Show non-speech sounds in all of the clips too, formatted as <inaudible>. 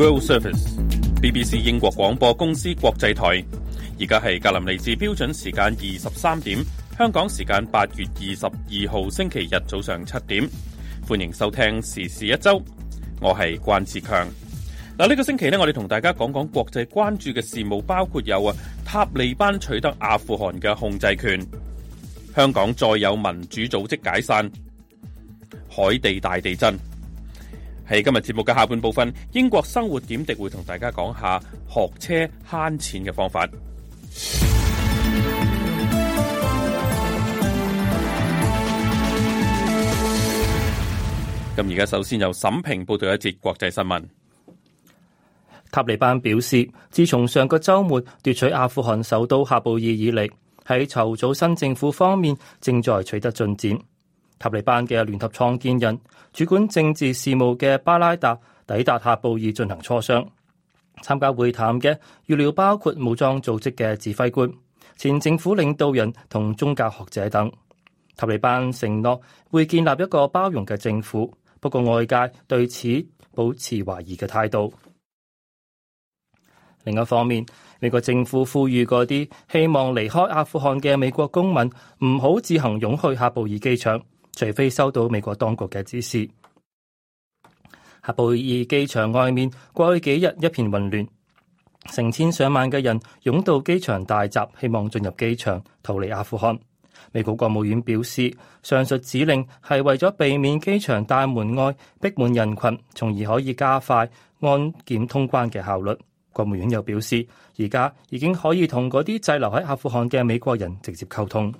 World Service，BBC 英國廣播公司國際台。而家係格林尼治標準時間二十三點，香港時間八月二十二號星期日早上七點。歡迎收聽時事一周，我係關智強。嗱、啊，呢、這個星期咧，我哋同大家講講國際關注嘅事務，包括有啊，塔利班取得阿富汗嘅控制權；香港再有民主組織解散；海地大地震。喺今日節目嘅下半部分，英國生活點滴會同大家講下學車慳錢嘅方法。咁而家首先由沈平報道一節國際新聞。塔利班表示，自從上個周末奪取阿富汗首都夏布爾以嚟，喺籌組新政府方面正在取得進展。塔利班嘅聯合創建人，主管政治事務嘅巴拉達抵達喀布爾進行磋商。參加會談嘅預料包括武裝組織嘅指揮官、前政府領導人同宗教學者等。塔利班承諾會建立一個包容嘅政府，不過外界對此保持懷疑嘅態度。另一方面，美國政府呼籲嗰啲希望離開阿富汗嘅美國公民唔好自行湧去喀布爾機場。除非收到美國當局嘅指示，喀布爾機場外面過去幾日一片混亂，成千上萬嘅人湧到機場大閘，希望進入機場逃離阿富汗。美國國務院表示，上述指令係為咗避免機場大門外逼滿人群，從而可以加快安檢通關嘅效率。國務院又表示，而家已經可以同嗰啲滯留喺阿富汗嘅美國人直接溝通。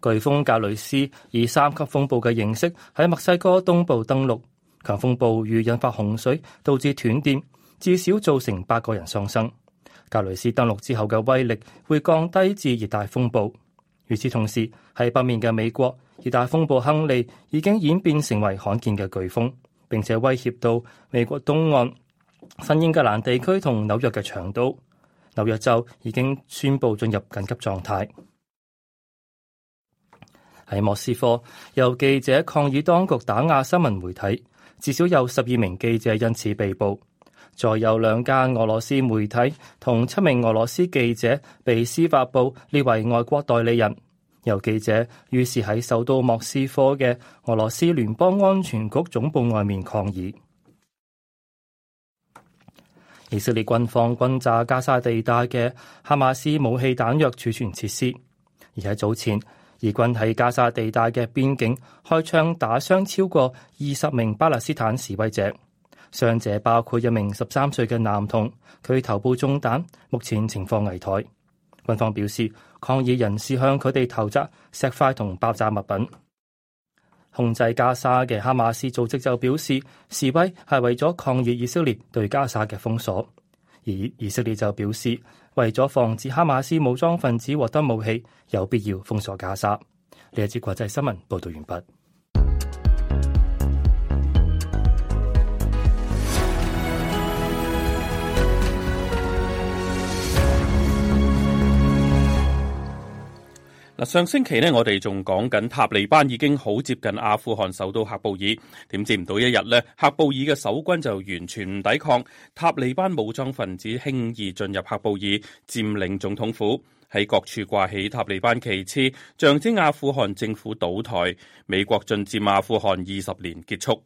颶風格雷斯以三級風暴嘅形式喺墨西哥東部登陸，強風暴雨引發洪水，導致斷電，至少造成八個人喪生。格雷斯登陸之後嘅威力會降低至熱帶風暴。與此同時，喺北面嘅美國，熱帶風暴亨利已經演變成為罕見嘅颶風，並且威脅到美國東岸、新英格蘭地區同紐約嘅長島。紐約州已經宣布進入緊急狀態。喺莫斯科，有記者抗議當局打壓新聞媒體，至少有十二名記者因此被捕，再有兩間俄羅斯媒體同七名俄羅斯記者被司法部列為外國代理人。有記者於是喺首都莫斯科嘅俄羅斯聯邦安全局總部外面抗議。以色列軍方轟炸加沙地帶嘅哈馬斯武器彈藥儲存設施，而喺早前，以軍喺加沙地帶嘅邊境開槍打傷超過二十名巴勒斯坦示威者，傷者包括一名十三歲嘅男童，佢頭部中彈，目前情況危殆。軍方表示，抗議人士向佢哋投擲石塊同爆炸物品。控制加沙嘅哈馬斯組織就表示，示威係為咗抗議以色列對加沙嘅封鎖，而以色列就表示，為咗防止哈馬斯武裝分子獲得武器，有必要封鎖加沙。呢一節國際新聞報道完畢。嗱，上星期呢，我哋仲講緊塔利班已經好接近阿富汗首都喀布爾，點知唔到一日呢，喀布爾嘅守軍就完全唔抵抗，塔利班武裝分子輕易進入喀布爾，佔領總統府，喺各處掛起塔利班旗幟，象徵阿富汗政府倒台，美國進佔阿富汗二十年結束。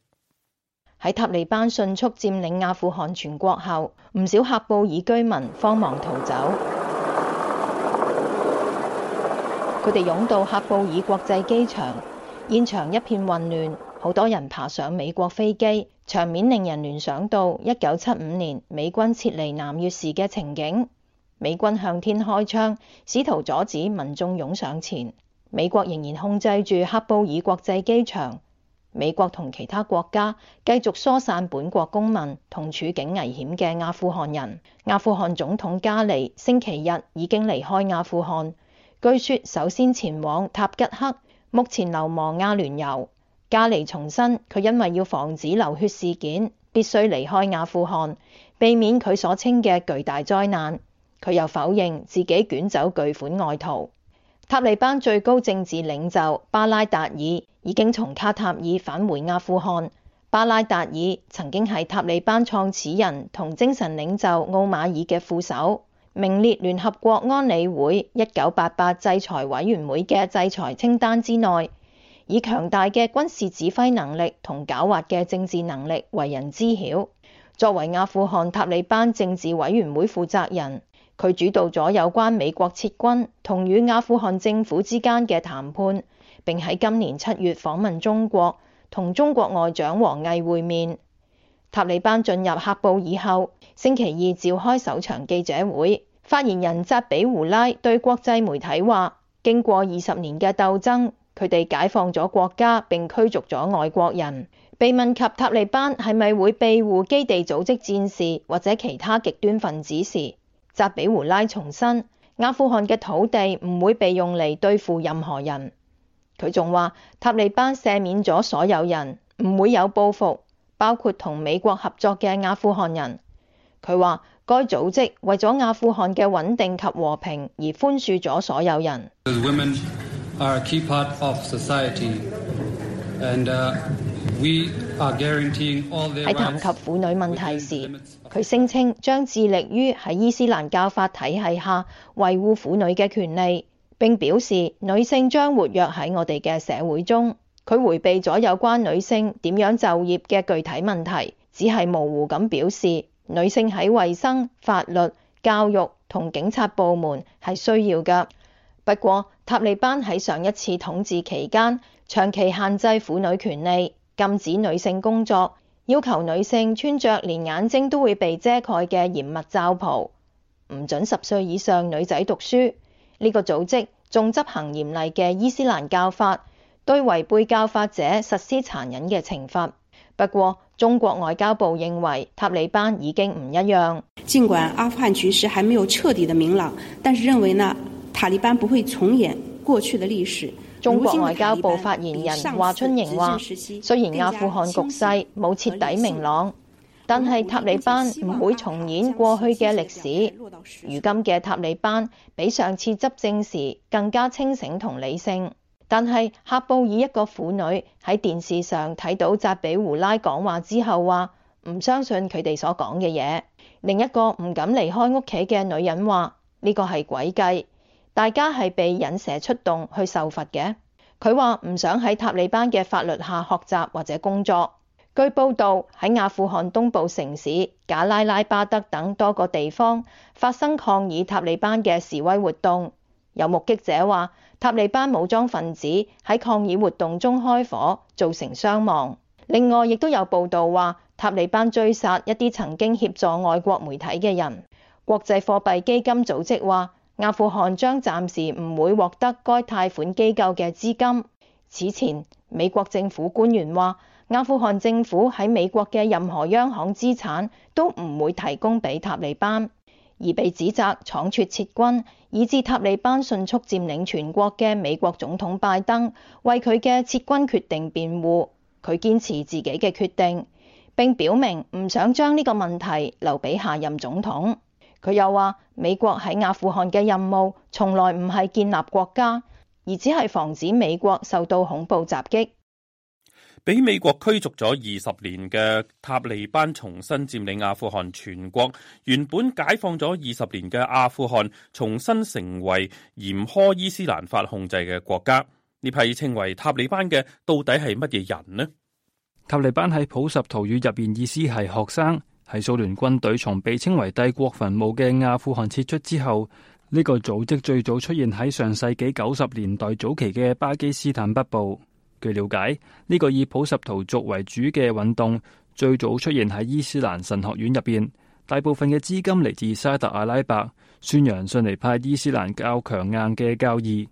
喺塔利班迅速佔領阿富汗全國後，唔少喀布爾居民慌忙逃走。佢哋湧到喀布爾國際機場，現場一片混亂，好多人爬上美國飛機，場面令人聯想到一九七五年美軍撤離南越時嘅情景。美軍向天開槍，試圖阻止民眾湧上前。美國仍然控制住喀布爾國際機場。美國同其他國家繼續疏散本國公民同處境危險嘅阿富汗人。阿富汗總統加尼星期日已經離開阿富汗。據說首先前往塔吉克，目前流亡阿聯酋。加尼重申，佢因為要防止流血事件，必須離開阿富汗，避免佢所稱嘅巨大災難。佢又否認自己捲走巨款外逃。塔利班最高政治領袖巴拉達爾已經從卡塔爾返回阿富汗。巴拉達爾曾經係塔利班創始人同精神領袖奧馬爾嘅副手。名列聯合國安理會一九八八制裁委員會嘅制裁清單之內，以強大嘅軍事指揮能力同狡猾嘅政治能力為人知曉。作為阿富汗塔利班政治委員會負責人，佢主導咗有關美國撤軍同與阿富汗政府之間嘅談判，並喺今年七月訪問中國，同中國外長王毅會面。塔利班進入喀布爾以後，星期二召開首場記者會，發言人扎比胡拉對國際媒體話：經過二十年嘅鬥爭，佢哋解放咗國家，並驅逐咗外國人。被問及塔利班係咪會庇護基地組織戰士或者其他極端分子時，扎比胡拉重申，阿富汗嘅土地唔會被用嚟對付任何人。佢仲話，塔利班赦免咗所有人，唔會有報復，包括同美國合作嘅阿富汗人。佢話，該組織為咗阿富汗嘅穩定及和平而寬恕咗所有人。喺談及婦女問題時，佢聲稱將致力於喺伊斯蘭教法體系下維護婦女嘅權利，並表示女性將活躍喺我哋嘅社會中。佢迴避咗有關女性點樣就業嘅具體問題，只係模糊咁表示。女性喺衛生、法律、教育同警察部門係需要嘅。不過，塔利班喺上一次統治期間，長期限制婦女權利，禁止女性工作，要求女性穿着連眼睛都會被遮蓋嘅嚴密罩袍，唔准十歲以上女仔讀書。呢、這個組織仲執行嚴厲嘅伊斯蘭教法，對違背教法者實施殘忍嘅懲罰。不過，中國外交部認為塔利班已經唔一樣。盡管阿富汗局勢還沒有徹底的明朗，但是認為呢，塔利班不會重演過去的歷史。中國外交部發言人華春瑩話：雖然阿富汗局勢冇徹底明朗，但係塔利班唔會重演過去嘅歷史。如今嘅塔利班比上次執政時更加清醒同理性。但係，喀布爾一個婦女喺電視上睇到扎比胡拉講話之後，話唔相信佢哋所講嘅嘢。另一個唔敢離開屋企嘅女人話：呢個係詭計，大家係被引蛇出洞去受罰嘅。佢話唔想喺塔利班嘅法律下學習或者工作。據報道，喺阿富汗東部城市賈拉拉巴德等多個地方發生抗議塔利班嘅示威活動。有目擊者話。塔利班武裝分子喺抗議活動中開火，造成傷亡。另外，亦都有報道話，塔利班追殺一啲曾經協助外國媒體嘅人。國際貨幣基金組織話，阿富汗將暫時唔會獲得該貸款機構嘅資金。此前，美國政府官員話，阿富汗政府喺美國嘅任何央行資產都唔會提供俾塔利班。而被指責倉卒撤軍，以致塔利班迅速佔領全國嘅美國總統拜登，為佢嘅撤軍決定辯護。佢堅持自己嘅決定，並表明唔想將呢個問題留俾下任總統。佢又話：美國喺阿富汗嘅任務，從來唔係建立國家，而只係防止美國受到恐怖襲擊。俾美國驅逐咗二十年嘅塔利班，重新佔領阿富汗全國。原本解放咗二十年嘅阿富汗，重新成為嚴苛伊斯蘭法控制嘅國家。呢批稱為塔利班嘅，到底係乜嘢人呢？塔利班喺普什圖語入邊意思係學生。係蘇聯軍隊從被稱為帝國墳墓嘅阿富汗撤出之後，呢個組織最早出現喺上世紀九十年代早期嘅巴基斯坦北部。據了解，呢、這個以普什圖族為主嘅運動最早出現喺伊斯蘭神學院入邊，大部分嘅資金嚟自沙特阿拉伯，宣揚遜尼派伊斯蘭教強硬嘅教義。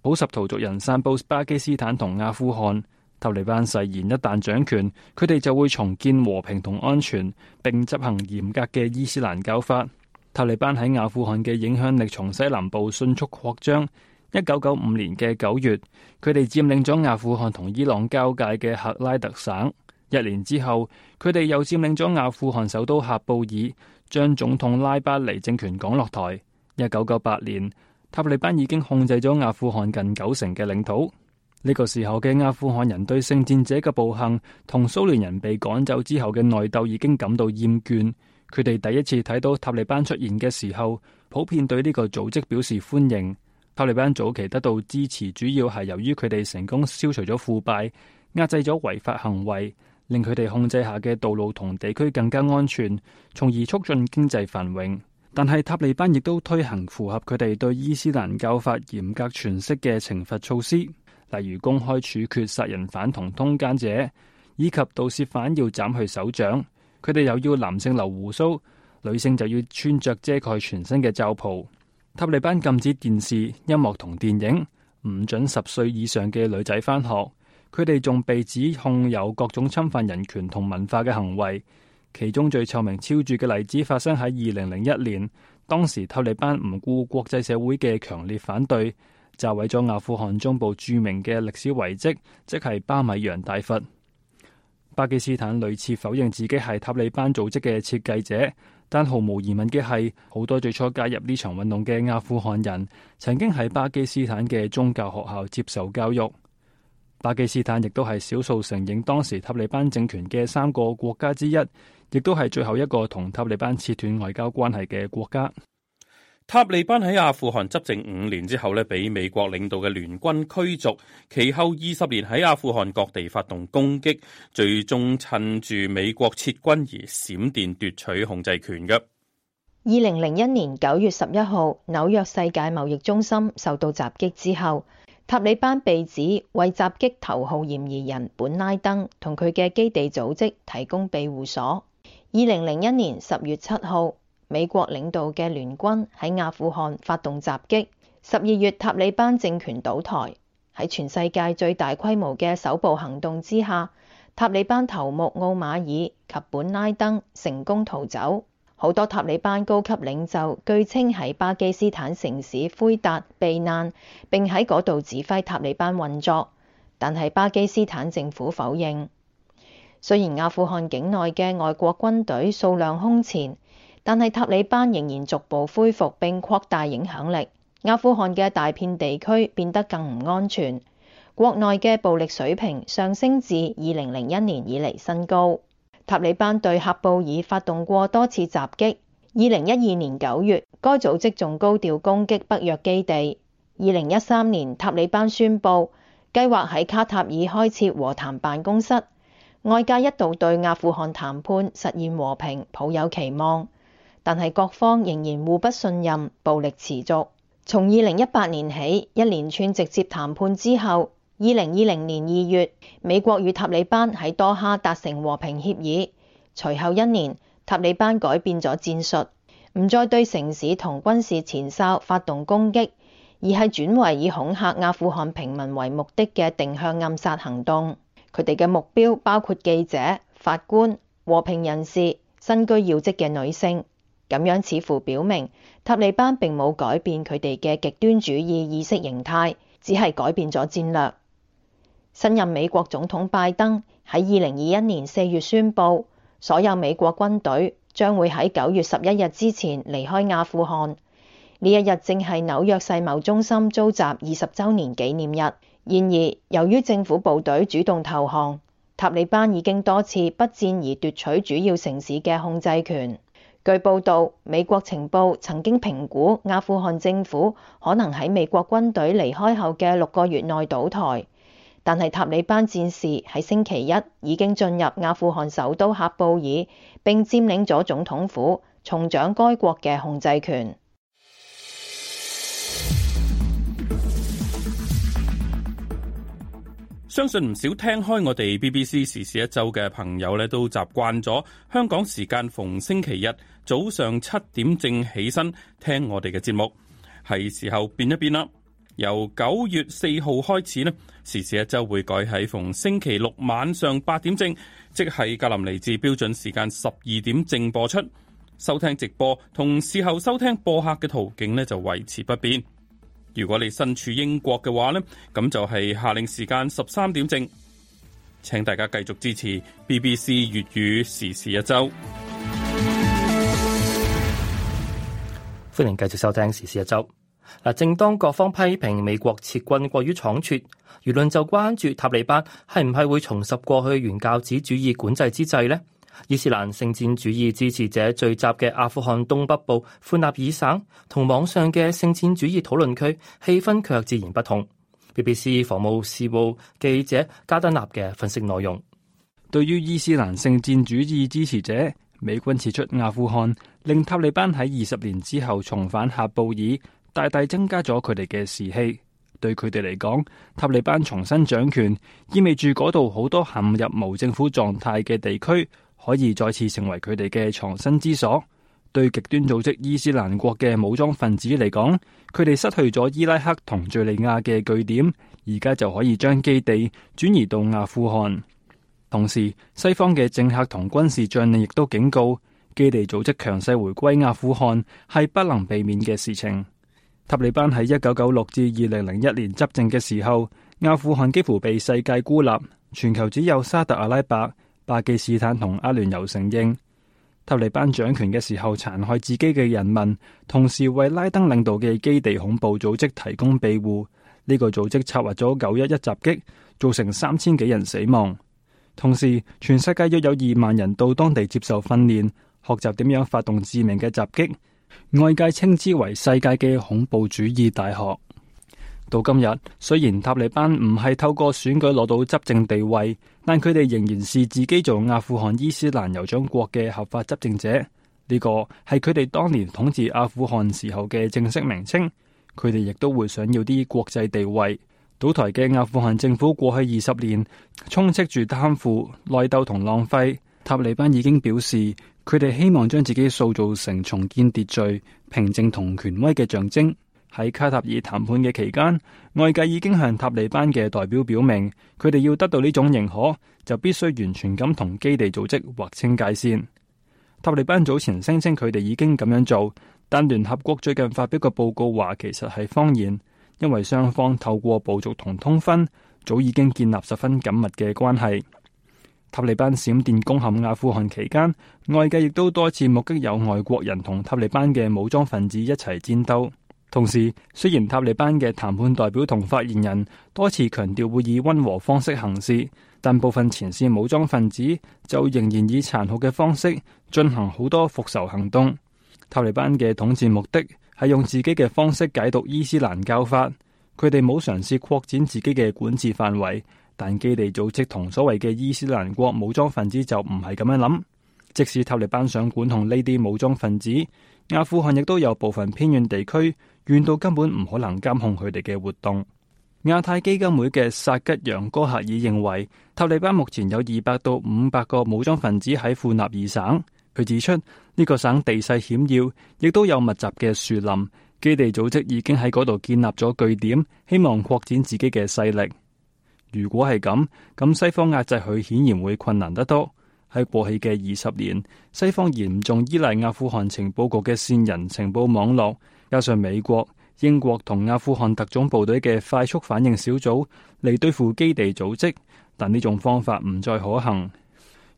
普什圖族人散布巴基斯坦同阿富汗，塔利班誓言一旦掌權，佢哋就會重建和平同安全，並執行嚴格嘅伊斯蘭教法。塔利班喺阿富汗嘅影響力從西南部迅速擴張。一九九五年嘅九月，佢哋佔領咗阿富汗同伊朗交界嘅赫拉特省。一年之後，佢哋又佔領咗阿富汗首都喀布爾，將總統拉巴尼政權趕落台。一九九八年，塔利班已經控制咗阿富汗近九成嘅領土。呢、這個時候嘅阿富汗人對聖戰者嘅暴行同蘇聯人被趕走之後嘅內鬥已經感到厭倦。佢哋第一次睇到塔利班出現嘅時候，普遍對呢個組織表示歡迎。塔利班早期得到支持，主要係由於佢哋成功消除咗腐敗，壓制咗違法行為，令佢哋控制下嘅道路同地區更加安全，從而促進經濟繁榮。但係塔利班亦都推行符合佢哋對伊斯蘭教法嚴格詮釋嘅懲罰措施，例如公開處決殺人犯同通奸者，以及盜竊犯要斬去手掌。佢哋又要男性留鬍鬚，女性就要穿着遮蓋全身嘅罩袍。塔利班禁止電視、音樂同電影，唔准十歲以上嘅女仔返學。佢哋仲被指控有各種侵犯人權同文化嘅行為，其中最臭名昭著嘅例子發生喺二零零一年，當時塔利班唔顧國際社會嘅強烈反對，就毀咗阿富汗中部著名嘅歷史遺跡，即係巴米揚大佛。巴基斯坦屢次否認自己係塔利班組織嘅設計者。但毫無疑問嘅係，好多最初加入呢場運動嘅阿富汗人，曾經喺巴基斯坦嘅宗教學校接受教育。巴基斯坦亦都係少數承認當時塔利班政權嘅三個國家之一，亦都係最後一個同塔利班切斷外交關係嘅國家。塔利班喺阿富汗執政五年之後呢，俾美國領導嘅聯軍驅逐，其後二十年喺阿富汗各地發動攻擊，最終趁住美國撤軍而閃電奪取控制權嘅。二零零一年九月十一號，紐約世界貿易中心受到襲擊之後，塔利班被指為襲擊頭號嫌疑人本拉登同佢嘅基地組織提供庇護所。二零零一年十月七號。美國領導嘅聯軍喺阿富汗發動襲擊。十二月，塔利班政權倒台。喺全世界最大規模嘅首部行動之下，塔利班頭目奧馬爾及本拉登成功逃走。好多塔利班高級領袖據稱喺巴基斯坦城市灰達避難，並喺嗰度指揮塔利班運作。但係巴基斯坦政府否認。雖然阿富汗境內嘅外國軍隊數量空前。但係塔利班仍然逐步恢復並擴大影響力，阿富汗嘅大片地區變得更唔安全，國內嘅暴力水平上升至二零零一年以嚟新高。塔利班對喀布爾發動過多次襲擊，二零一二年九月，該組織仲高調攻擊北約基地。二零一三年，塔利班宣布計劃喺卡塔爾開設和談辦公室。外界一度對阿富汗談判實現和平抱有期望。但係各方仍然互不信任，暴力持續。從二零一八年起，一連串直接談判之後，二零二零年二月，美國與塔利班喺多哈達成和平協議。隨後一年，塔利班改變咗戰術，唔再對城市同軍事前哨發動攻擊，而係轉為以恐吓阿富汗平民為目的嘅定向暗殺行動。佢哋嘅目標包括記者、法官、和平人士、身居要職嘅女性。咁樣似乎表明，塔利班並冇改變佢哋嘅極端主義意識形態，只係改變咗戰略。新任美國總統拜登喺二零二一年四月宣布，所有美國軍隊將會喺九月十一日之前離開阿富汗。呢一日正係紐約世貿中心遭襲二十周年紀念日。然而，由於政府部隊主動投降，塔利班已經多次不戰而奪取主要城市嘅控制權。據報導，美國情報曾經評估阿富汗政府可能喺美國軍隊離開後嘅六個月內倒台，但係塔利班戰士喺星期一已經進入阿富汗首都喀布爾，並佔領咗總統府，重掌該國嘅控制權。相信唔少聽開我哋 BBC 時事一周嘅朋友咧，都習慣咗香港時間逢星期日早上七點正起身聽我哋嘅節目，係時候變一變啦。由九月四號開始咧，時事一周會改喺逢星期六晚上八點正，即係格林尼治標準時間十二點正播出。收聽直播同事後收聽播客嘅途徑咧，就維持不變。如果你身處英國嘅話呢，咁就係下令時間十三點正，請大家繼續支持 BBC 粵語時事一周。歡迎繼續收聽時事一周。嗱，正當各方批評美國撤軍過於倉促，輿論就關注塔利班係唔係會重拾過去原教旨主義管制之際呢，伊斯蘭聖戰主義支持者聚集嘅阿富汗東北部庫納爾省，同網上嘅聖戰主義討論區氣氛卻自然不同。BBC 防務事務記者加德納嘅分析內容：對於伊斯蘭聖戰主義支持者，美軍撤出阿富汗，令塔利班喺二十年之後重返喀布爾，大大增加咗佢哋嘅士氣。對佢哋嚟講，塔利班重新掌權，意味住嗰度好多陷入無政府狀態嘅地區。可以再次成為佢哋嘅藏身之所。對極端組織伊斯蘭國嘅武裝分子嚟講，佢哋失去咗伊拉克同敘利亞嘅據點，而家就可以將基地轉移到阿富汗。同時，西方嘅政客同軍事將領亦都警告，基地組織強勢回歸阿富汗係不能避免嘅事情。塔利班喺一九九六至二零零一年執政嘅時候，阿富汗幾乎被世界孤立，全球只有沙特阿拉伯、巴基斯坦同阿聯酋承認塔利班掌權嘅時候，殘害自己嘅人民，同時為拉登領導嘅基地恐怖組織提供庇護。呢個組織策劃咗九一一襲擊，造成三千幾人死亡。同時，全世界約有二萬人到當地接受訓練，學習點樣發動致命嘅襲擊。外界稱之為世界嘅恐怖主義大學。到今日，雖然塔利班唔係透過選舉攞到執政地位，但佢哋仍然是自己做阿富汗伊斯蘭酋長國嘅合法執政者。呢個係佢哋當年統治阿富汗時候嘅正式名稱。佢哋亦都會想要啲國際地位。倒台嘅阿富汗政府過去二十年充斥住貪腐、內鬥同浪費。塔利班已經表示，佢哋希望將自己塑造成重建秩序、平靜同權威嘅象徵。喺卡塔爾談判嘅期間，外界已經向塔利班嘅代表表明，佢哋要得到呢種認可，就必須完全咁同基地組織劃清界線。塔利班早前聲稱佢哋已經咁樣做，但聯合國最近發表嘅報告話，其實係謊言，因為雙方透過部族同通婚，早已經建立十分緊密嘅關係。塔利班閃電攻陷阿富汗期間，外界亦都多次目擊有外國人同塔利班嘅武裝分子一齊戰鬥。同時，雖然塔利班嘅談判代表同發言人多次強調會以溫和方式行事，但部分前線武裝分子就仍然以殘酷嘅方式進行好多復仇行動。塔利班嘅統治目的係用自己嘅方式解讀伊斯蘭教法，佢哋冇嘗試擴展自己嘅管治範圍。但基地組織同所謂嘅伊斯蘭國武裝分子就唔係咁樣諗。即使塔利班想管控呢啲武裝分子，阿富汗亦都有部分偏遠地區。遠到根本唔可能監控佢哋嘅活動。亞太基金會嘅薩吉揚哥克爾認為，塔利班目前有二百到五百個武裝分子喺庫納爾省。佢指出，呢、這個省地勢險要，亦都有密集嘅樹林。基地組織已經喺嗰度建立咗據點，希望擴展自己嘅勢力。如果係咁，咁西方壓制佢顯然會困難得多。喺過去嘅二十年，西方嚴重依賴阿富汗情報局嘅線人情報網絡。加上美國英國同阿富汗特種部隊嘅快速反應小組，嚟對付基地組織，但呢種方法唔再可行。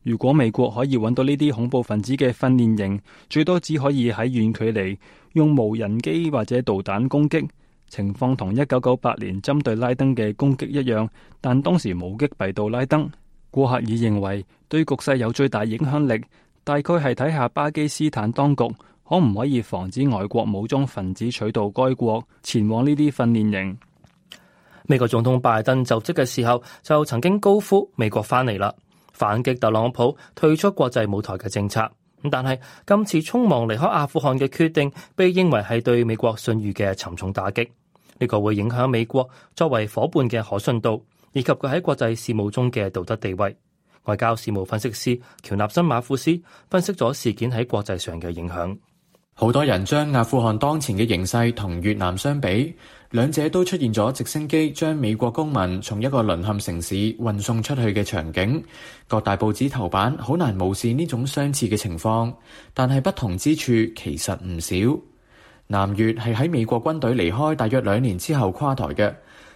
如果美國可以揾到呢啲恐怖分子嘅訓練營，最多只可以喺遠距離用無人機或者導彈攻擊，情況同一九九八年針對拉登嘅攻擊一樣。但當時無擊斃到拉登。顧客已認為對局勢有最大影響力，大概係睇下巴基斯坦當局。可唔可以防止外國武裝分子取道該國前往呢啲訓練營？美國總統拜登就職嘅時候就曾經高呼美國翻嚟啦，反擊特朗普退出國際舞台嘅政策。但係今次匆忙離開阿富汗嘅決定，被認為係對美國信譽嘅沉重打擊。呢、這個會影響美國作為夥伴嘅可信度，以及佢喺國際事務中嘅道德地位。外交事務分析師喬納森馬庫斯分析咗事件喺國際上嘅影響。好多人將阿富汗當前嘅形勢同越南相比，兩者都出現咗直升機將美國公民從一個淪陷城市運送出去嘅場景。各大報紙頭版好難無視呢種相似嘅情況，但係不同之處其實唔少。南越係喺美國軍隊離開大約兩年之後垮台嘅，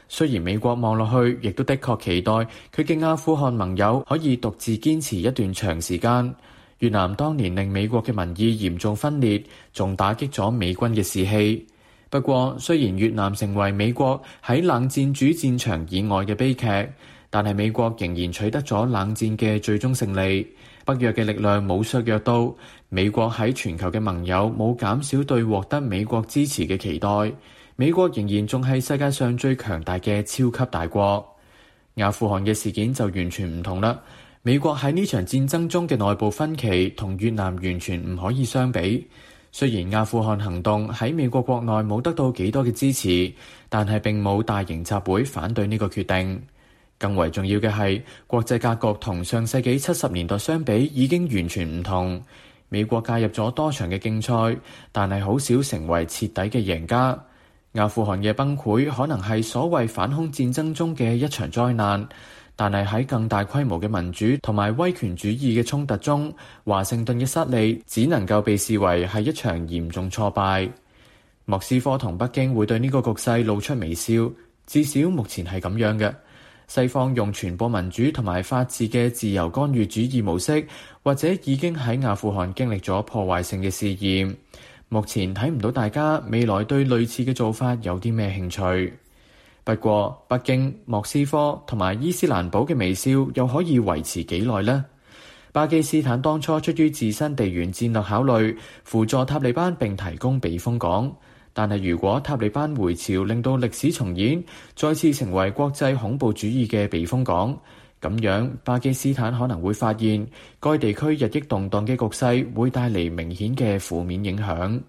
雖然美國望落去，亦都的確期待佢嘅阿富汗盟友可以獨自堅持一段長時間。越南當年令美國嘅民意嚴重分裂，仲打擊咗美軍嘅士氣。不過，雖然越南成為美國喺冷戰主戰場以外嘅悲劇，但係美國仍然取得咗冷戰嘅最終勝利。北約嘅力量冇削弱到，美國喺全球嘅盟友冇減少對獲得美國支持嘅期待。美國仍然仲係世界上最強大嘅超級大國。阿富汗嘅事件就完全唔同啦。美國喺呢場戰爭中嘅內部分歧，同越南完全唔可以相比。雖然阿富汗行動喺美國國內冇得到幾多嘅支持，但係並冇大型集會反對呢個決定。更為重要嘅係，國際格局同上世紀七十年代相比已經完全唔同。美國介入咗多場嘅競賽，但係好少成為徹底嘅贏家。阿富汗嘅崩潰可能係所謂反恐戰爭中嘅一場災難。但係喺更大規模嘅民主同埋威權主義嘅衝突中，華盛頓嘅失利只能夠被視為係一場嚴重挫敗。莫斯科同北京會對呢個局勢露出微笑，至少目前係咁樣嘅。西方用傳播民主同埋法治嘅自由干預主義模式，或者已經喺阿富汗經歷咗破壞性嘅試驗。目前睇唔到大家未來對類似嘅做法有啲咩興趣。不過，北京、莫斯科同埋伊斯蘭堡嘅微笑又可以維持幾耐呢？巴基斯坦當初出於自身地緣戰略考慮，輔助塔利班并提供避風港。但係如果塔利班回朝令到歷史重演，再次成為國際恐怖主義嘅避風港，咁樣巴基斯坦可能會發現該地區日益動盪嘅局勢會帶嚟明顯嘅負面影響。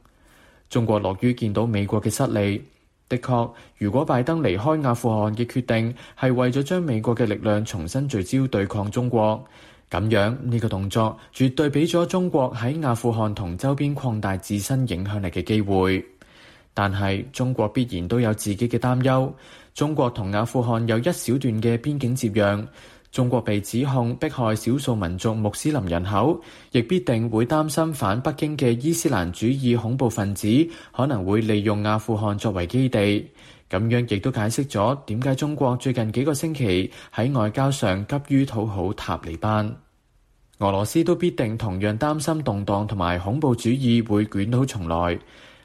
中國樂於見到美國嘅失利。的確，如果拜登離開阿富汗嘅決定係為咗將美國嘅力量重新聚焦對抗中國，咁樣呢個動作絕對俾咗中國喺阿富汗同周邊擴大自身影響力嘅機會。但係中國必然都有自己嘅擔憂，中國同阿富汗有一小段嘅邊境接壤。中國被指控迫害少數民族穆斯林人口，亦必定會擔心反北京嘅伊斯蘭主義恐怖分子可能會利用阿富汗作為基地。咁樣亦都解釋咗點解中國最近幾個星期喺外交上急於討好塔利班。俄羅斯都必定同樣擔心動盪同埋恐怖主義會捲土重來。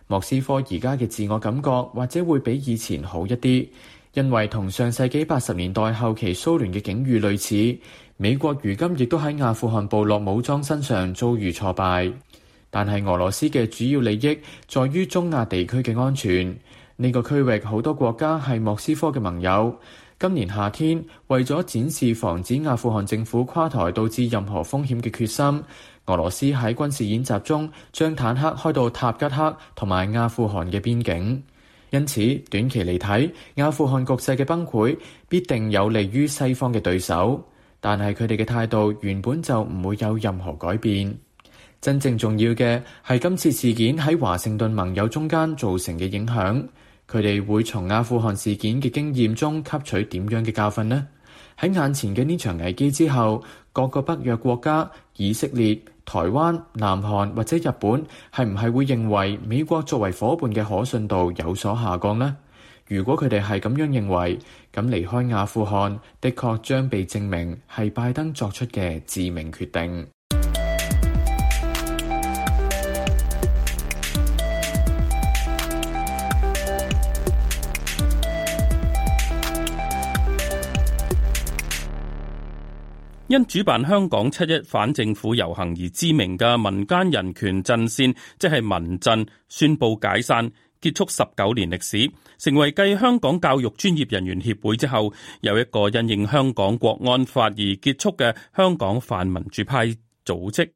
莫斯科而家嘅自我感覺或者會比以前好一啲。因為同上世紀八十年代後期蘇聯嘅境遇類似，美國如今亦都喺阿富汗部落武裝身上遭遇挫敗。但係俄羅斯嘅主要利益在於中亞地區嘅安全。呢個區域好多國家係莫斯科嘅盟友。今年夏天，為咗展示防止阿富汗政府垮台導致任何風險嘅決心，俄羅斯喺軍事演習中將坦克開到塔吉克同埋阿富汗嘅邊境。因此，短期嚟睇，阿富汗局勢嘅崩潰必定有利於西方嘅對手，但係佢哋嘅態度原本就唔會有任何改變。真正重要嘅係今次事件喺華盛頓盟友中間造成嘅影響，佢哋會從阿富汗事件嘅經驗中吸取點樣嘅教訓呢？喺眼前嘅呢場危機之後，各個北約國家、以色列、台灣、南韓或者日本係唔係會認為美國作為伙伴嘅可信度有所下降呢？如果佢哋係咁樣認為，咁離開阿富汗的確將被證明係拜登作出嘅致命決定。因主辦香港七一反政府遊行而知名嘅民間人權陣線，即係民陣，宣佈解散，結束十九年歷史，成為繼香港教育專業人員協會之後，又一個因應香港國安法而結束嘅香港泛民主派組織。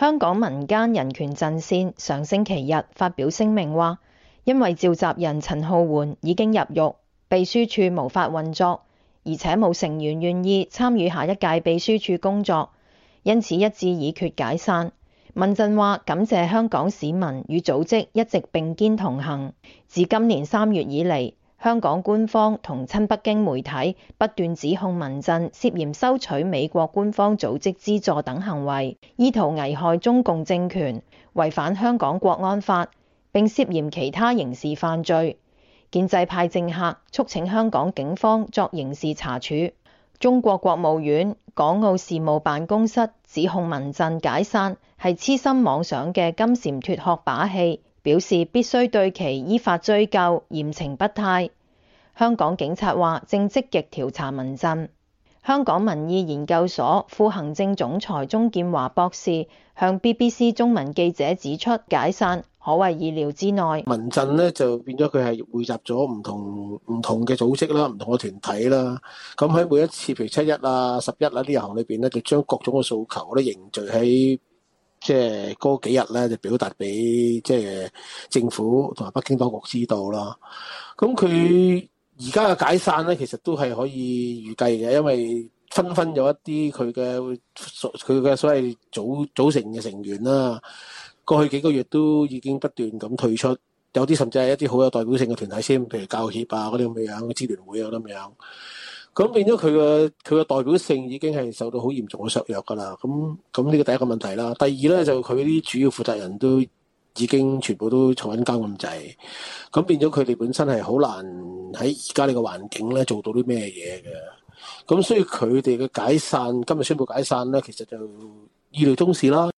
香港民間人權陣線上星期日發表聲明話，因為召集人陳皓桓已經入獄，秘書處無法運作。而且冇成員願意參與下一屆秘書處工作，因此一致議決解散。民陣話感謝香港市民與組織一直並肩同行。自今年三月以嚟，香港官方同親北京媒體不斷指控民陣涉嫌收取美國官方組織資助等行為，意圖危害中共政權，違反香港國安法，並涉嫌其他刑事犯罪。建制派政客促請香港警方作刑事查處，中國國務院港澳事務辦公室指控民陣解散係痴心妄想嘅金蟬脫殼把戲，表示必須對其依法追究，嚴懲不貸。香港警察話正積極調查民陣。香港民意研究所副行政總裁鍾健華博士向 BBC 中文記者指出，解散。可謂意料之內。民陣咧就變咗佢係匯集咗唔同唔同嘅組織啦，唔同嘅團體啦。咁喺每一次，譬如七一啊、十一啊啲遊行裏邊咧，就將各種嘅訴求咧凝聚喺即係嗰幾日咧，就表達俾即係政府同埋北京當局知道啦。咁佢而家嘅解散咧，其實都係可以預計嘅，因為紛紛有一啲佢嘅所佢嘅所謂組組成嘅成員啦。過去幾個月都已經不斷咁退出，有啲甚至係一啲好有代表性嘅團體先，譬如教協啊啲咁嘅樣，支聯會啊咁樣。咁變咗佢嘅佢嘅代表性已經係受到好嚴重嘅削弱㗎啦。咁咁呢個第一個問題啦。第二咧就佢啲主要負責人都已經全部都坐緊監咁滯，咁變咗佢哋本身係好難喺而家呢個環境咧做到啲咩嘢嘅。咁所以佢哋嘅解散今日宣布解散咧，其實就意料中事啦。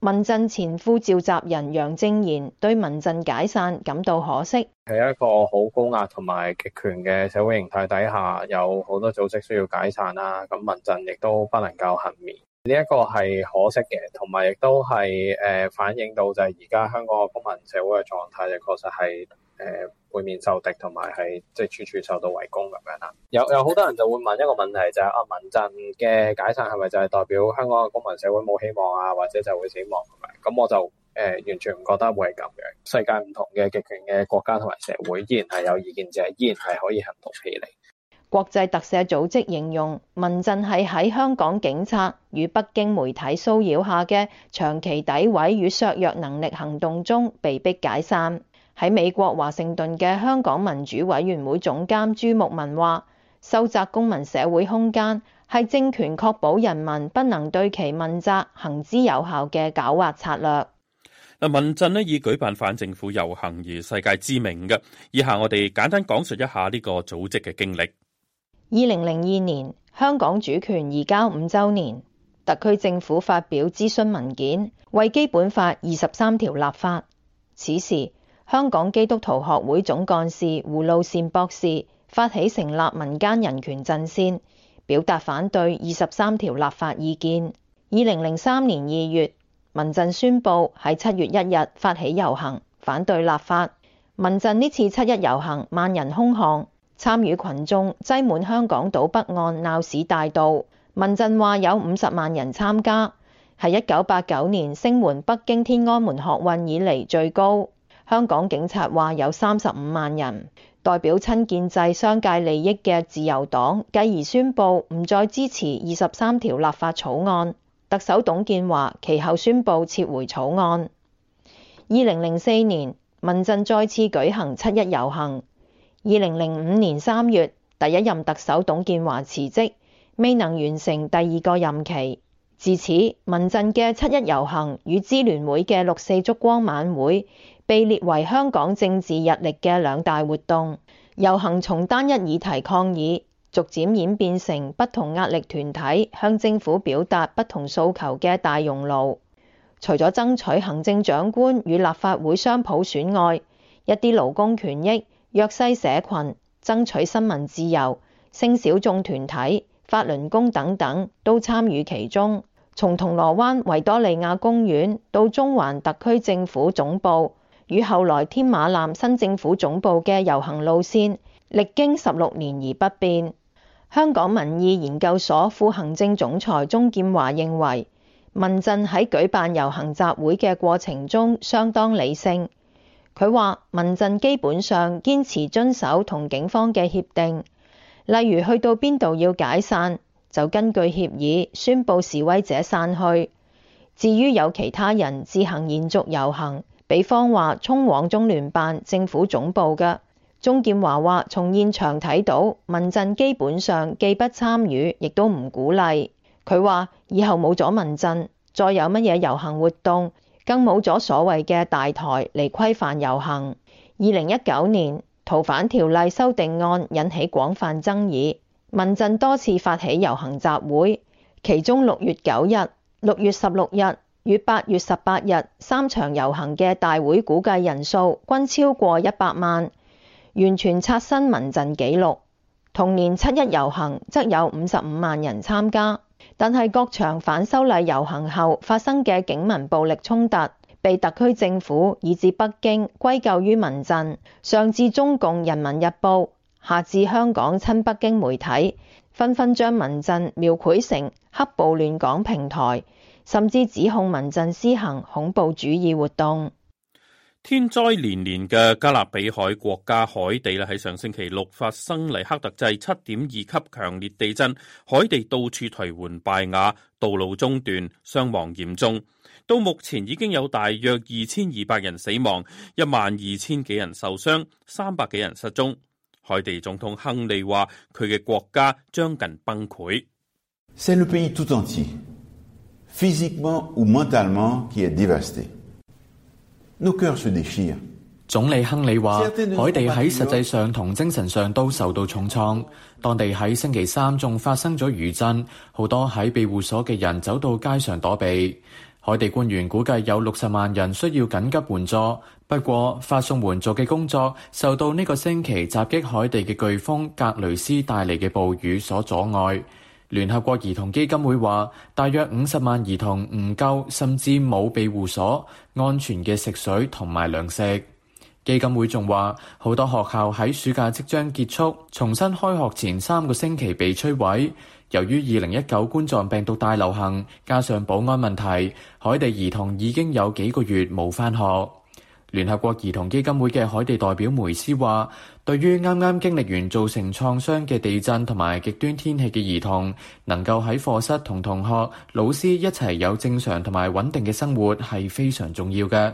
民陣前副召集人楊正賢對民陣解散感到可惜，喺一個好高壓同埋極權嘅社會形態底下，有好多組織需要解散啦。咁民陣亦都不能夠幸免。呢一個係可惜嘅，同埋亦都係誒反映到就係而家香港嘅公民社會嘅狀態，就確實係誒背面受敵，同埋係即係處處受到圍攻咁樣啦。有有好多人就會問一個問題，就係、是、阿、啊、民陣嘅解散係咪就係代表香港嘅公民社會冇希望啊，或者就會死亡咁樣？咁我就誒、呃、完全唔覺得會係咁樣。世界唔同嘅極權嘅國家同埋社會依，依然係有異見者，依然係可以行動起嚟。國際特赦組織形容民陣係喺香港警察與北京媒體騷擾下嘅長期詆毀與削弱能力行動中被迫解散。喺美國華盛頓嘅香港民主委員會總監朱木文話：收窄公民社會空間係政權確保人民不能對其問責行之有效嘅狡猾策略。嗱，民陣呢以舉辦反政府遊行而世界知名嘅，以下我哋簡單講述一下呢個組織嘅經歷。二零零二年，香港主權移交五周年，特區政府發表諮詢文件，為《基本法》二十三條立法。此時，香港基督徒學會總幹事胡露善博士發起成立民間人權陣線，表達反對二十三條立法意見。二零零三年二月，民陣宣佈喺七月一日發起遊行，反對立法。民陣呢次七一遊行萬人空巷。參與群眾擠滿香港島北岸鬧市大道，民陣話有五十萬人參加，係一九八九年聲援北京天安門學運以嚟最高。香港警察話有三十五萬人。代表親建制商界利益嘅自由黨繼而宣布唔再支持二十三條立法草案，特首董建華其後宣布撤回草案。二零零四年，民陣再次舉行七一遊行。二零零五年三月，第一任特首董建華辭職，未能完成第二個任期。自此，民陣嘅七一遊行與支聯會嘅六四燭光晚會被列為香港政治日曆嘅兩大活動。遊行從單一議題抗議，逐漸演變成不同壓力團體向政府表達不同訴求嘅大熔爐。除咗爭取行政長官與立法會雙普選外，一啲勞工權益。約西社群爭取新聞自由、性小眾團體、法輪功等等都參與其中。從銅鑼灣維多利亞公園到中環特區政府總部，與後來添馬艦新政府總部嘅遊行路線，歷經十六年而不變。香港民意研究所副行政總裁鍾劍華認為，民陣喺舉辦遊行集會嘅過程中相當理性。佢話：民陣基本上堅持遵守同警方嘅協定，例如去到邊度要解散，就根據協議宣布示威者散去。至於有其他人自行延續遊行，比方話衝往中聯辦政府總部嘅，鍾建華話從現場睇到，民陣基本上既不參與，亦都唔鼓勵。佢話：以後冇咗民陣，再有乜嘢遊行活動。更冇咗所謂嘅大台嚟規範遊行。二零一九年逃犯條例修訂案引起廣泛爭議，民陣多次發起遊行集會，其中六月九日、六月十六日與八月十八日三場遊行嘅大會，估計人數均超過一百萬，完全刷新民陣紀錄。同年七一遊行則有五十五萬人參加。但係，各場反修例遊行後發生嘅警民暴力衝突，被特區政府以至北京歸咎於民陣，上至中共人民日報，下至香港親北京媒體，紛紛將民陣描繪成黑暴亂港平台，甚至指控民陣施行恐怖主義活動。天災連連嘅加勒比海國家海地咧，喺上星期六發生黎克特制七點二級強烈地震，海地到處頹垣敗瓦，道路中斷，傷亡嚴重。到目前已經有大約二千二百人死亡，一萬二千幾人受傷，三百幾人失蹤。海地總統亨利話，佢嘅國家將近崩潰。 <noise> <noise> 總理亨利話，海地喺實際上同精神上都受到重創。當地喺星期三仲發生咗餘震，好多喺庇護所嘅人走到街上躲避。海地官員估計有六十萬人需要緊急援助，不過發送援助嘅工作受到呢個星期襲擊海地嘅颶風格雷斯帶嚟嘅暴雨所阻礙。聯合國兒童基金會話，大約五十萬兒童唔夠，甚至冇庇護所、安全嘅食水同埋糧食。基金會仲話，好多學校喺暑假即將結束，重新開學前三個星期被摧毀。由於二零一九冠狀病毒大流行，加上保安問題，海地兒童已經有幾個月冇返學。聯合國兒童基金會嘅海地代表梅斯話，對於啱啱經歷完造成創傷嘅地震同埋極端天氣嘅兒童，能夠喺課室同同學老師一齊有正常同埋穩定嘅生活係非常重要嘅。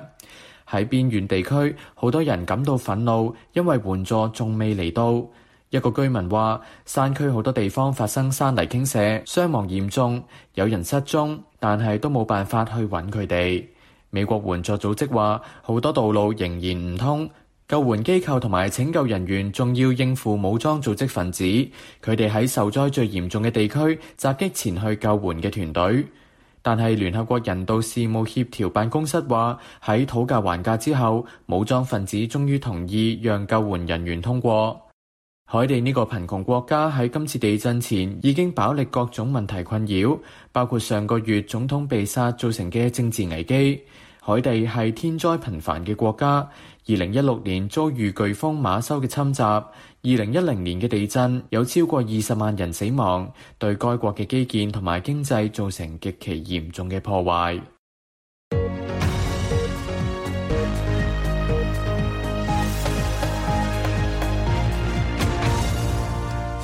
喺邊遠地區好多人感到憤怒，因為援助仲未嚟到。一個居民話山區好多地方發生山泥傾瀉，傷亡嚴重，有人失蹤，但係都冇辦法去揾佢哋。美國援助組織話，好多道路仍然唔通，救援機構同埋拯救人員仲要應付武裝組織分子。佢哋喺受災最嚴重嘅地區襲擊前去救援嘅團隊。但係聯合國人道事務協調辦公室話，喺討價還價之後，武裝分子終於同意讓救援人員通過。海地呢個貧窮國家喺今次地震前已經飽歷各種問題困擾，包括上個月總統被殺造成嘅政治危機。海地係天災頻繁嘅國家。二零一六年遭遇颶風馬修嘅侵襲，二零一零年嘅地震有超過二十萬人死亡，對該國嘅基建同埋經濟造成極其嚴重嘅破壞。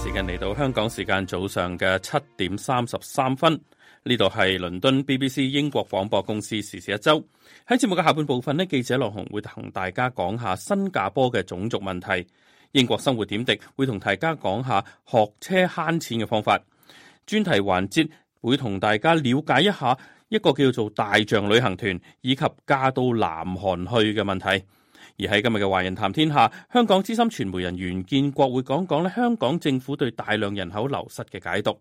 時間嚟到香港時間早上嘅七點三十三分，呢度係倫敦 BBC 英國廣播公司時事一周。喺節目嘅下半部分呢記者來鴻會同大家講下新加坡嘅種族問題；英國生活點滴會同大家講下學車慳錢嘅方法；專題環節會同大家了解一下一個叫做大象旅行團以及嫁到南韓去嘅問題。而喺今日嘅華人談天下，香港資深傳媒人袁建國會講講咧香港政府對大量人口流失嘅解讀。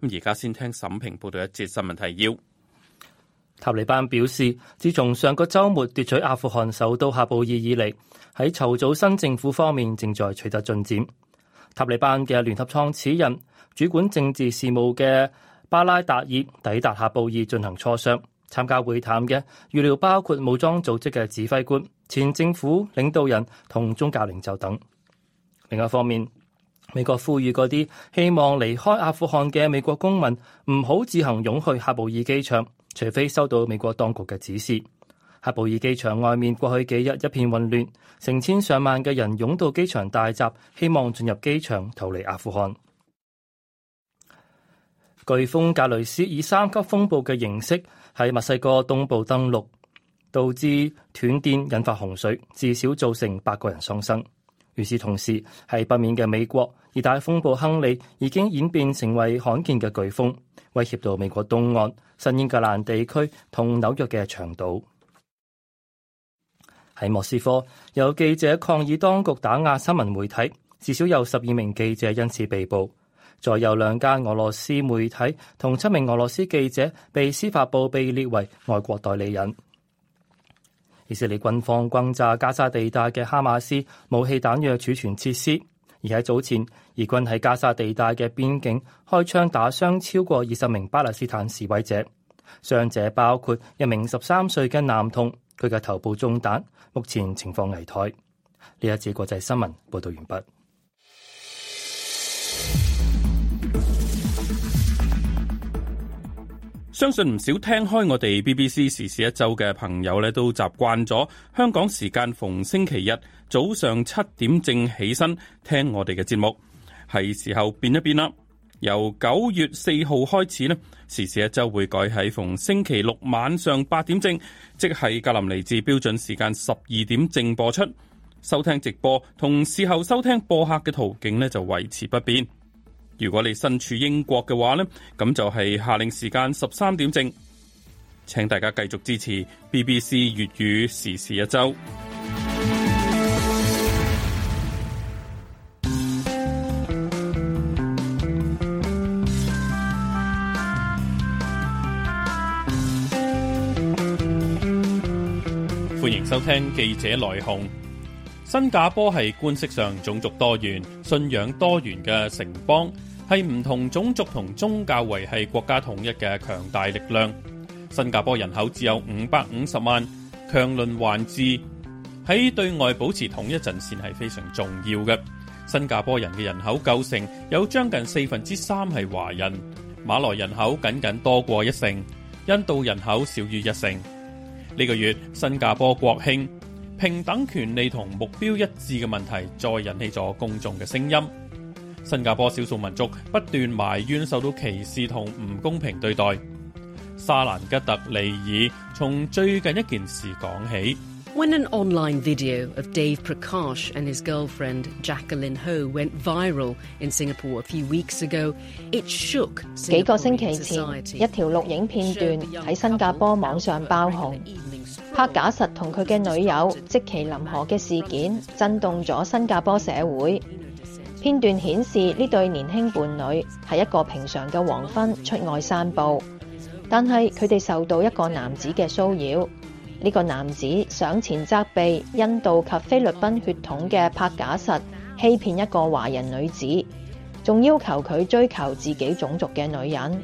咁而家先聽沈平報道一節新聞提要。塔利班表示，自從上個周末奪取阿富汗首都喀布爾以嚟，喺籌組新政府方面正在取得進展。塔利班嘅聯合創始人、主管政治事務嘅巴拉達爾抵達喀布爾進行磋商。參加會談嘅預料包括武裝組織嘅指揮官、前政府領導人同宗教領袖等。另一方面，美國呼籲嗰啲希望離開阿富汗嘅美國公民唔好自行湧去喀布爾機場。除非收到美國當局嘅指示。喺布爾機場外面，過去幾日一片混亂，成千上萬嘅人湧到機場大閘，希望進入機場逃離阿富汗。颶風格雷斯以三級風暴嘅形式喺墨西哥東部登陸，導致斷電引發洪水，至少造成八個人喪生。與此同時，喺北面嘅美國熱帶風暴亨利已經演變成為罕見嘅颶風，威脅到美國東岸、新英格蘭地區同紐約嘅長島。喺莫斯科，有記者抗議當局打壓新聞媒體，至少有十二名記者因此被捕。再有兩家俄羅斯媒體同七名俄羅斯記者被司法部被列為外國代理人。以色列軍方轟炸加沙地帶嘅哈馬斯武器彈藥儲存設施。而喺早前，以軍喺加沙地帶嘅邊境開槍打傷超過二十名巴勒斯坦示威者，傷者包括一名十三歲嘅男童，佢嘅頭部中彈，目前情況危殆。呢一節國際新聞報道完畢。相信唔少聽開我哋 BBC 時事一周嘅朋友咧，都習慣咗香港時間逢星期日早上七點正起身聽我哋嘅節目，係時候變一變啦。由九月四號開始咧，時事一周會改喺逢星期六晚上八點正，即係格林尼治標準時間十二點正播出。收聽直播同事後收聽播客嘅途徑咧，就維持不變。如果你身處英國嘅話呢，咁就係夏令時間十三點正。請大家繼續支持 BBC 粵語時事一周。歡迎收聽記者來鴻。新加坡係官式上種族多元、信仰多元嘅城邦。係唔同種族同宗教維繫國家統一嘅強大力量。新加坡人口只有五百五十萬，強鄰環峙，喺對外保持統一陣線係非常重要嘅。新加坡人嘅人口構成，有將近四分之三係華人，馬來人口僅僅多過一成，印度人口少於一成。呢個月，新加坡國慶，平等權利同目標一致嘅問題再引起咗公眾嘅聲音。新加坡少數民族不斷埋怨受到歧視同唔公平對待。沙蘭吉特利爾從最近一件事講起。幾個星期前，一條錄影片段喺新加坡網上爆紅，黑假實同佢嘅女友即其林河嘅事件，震動咗新加坡社會。片段顯示呢對年輕伴侶係一個平常嘅黃昏出外散步，但係佢哋受到一個男子嘅騷擾。呢、這個男子上前責備印度及菲律賓血統嘅帕賈什欺騙一個華人女子，仲要求佢追求自己種族嘅女人。呢、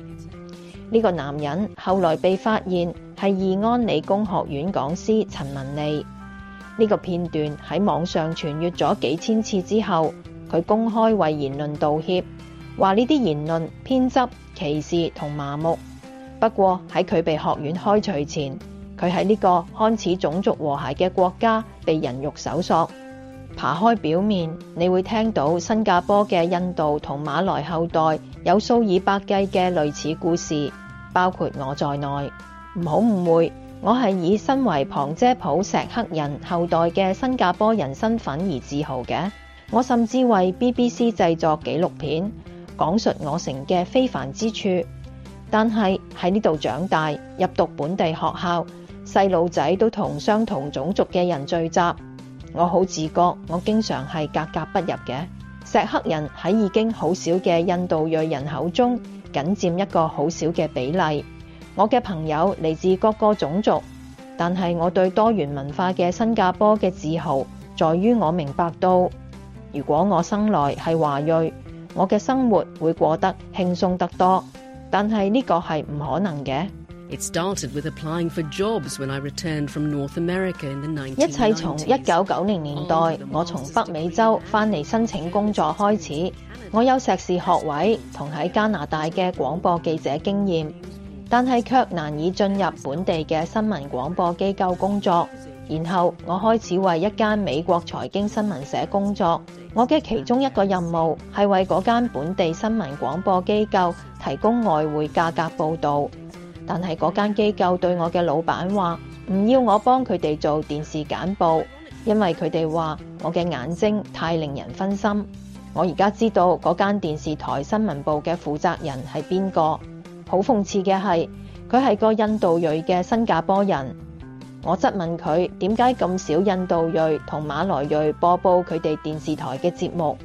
這個男人後來被發現係義安理工學院講師陳文利。呢、這個片段喺網上傳閱咗幾千次之後，佢公開為言論道歉，話呢啲言論偏執、歧視同麻木。不過喺佢被學院開除前，佢喺呢個看似種族和諧嘅國家被人肉搜索。扒開表面，你會聽到新加坡嘅印度同馬來後代有數以百計嘅類似故事，包括我在內。唔好誤會，我係以身為旁遮普錫克人後代嘅新加坡人身份而自豪嘅。我甚至為 BBC 製作紀錄片，講述我城嘅非凡之處。但係喺呢度長大，入讀本地學校，細路仔都同相同種族嘅人聚集，我好自覺，我經常係格格不入嘅。石黑人喺已經好少嘅印度裔人口中，僅佔一個好少嘅比例。我嘅朋友嚟自各個種族，但係我對多元文化嘅新加坡嘅自豪，在於我明白到。如果我生來係華裔，我嘅生活會過得輕鬆得多，但係呢個係唔可能嘅。S, 一切從一九九零年代我從北美洲翻嚟申請工作開始。我有碩士學位同喺加拿大嘅廣播記者經驗，但係卻難以進入本地嘅新聞廣播機構工作。然後我開始為一間美國財經新聞社工作。我嘅其中一個任務係為嗰間本地新聞廣播機構提供外匯價格報導。但係嗰間機構對我嘅老闆話唔要我幫佢哋做電視簡報，因為佢哋話我嘅眼睛太令人分心。我而家知道嗰間電視台新聞部嘅負責人係邊個。好諷刺嘅係，佢係個印度裔嘅新加坡人。我質問佢點解咁少印度裔同馬來裔播報佢哋電視台嘅節目？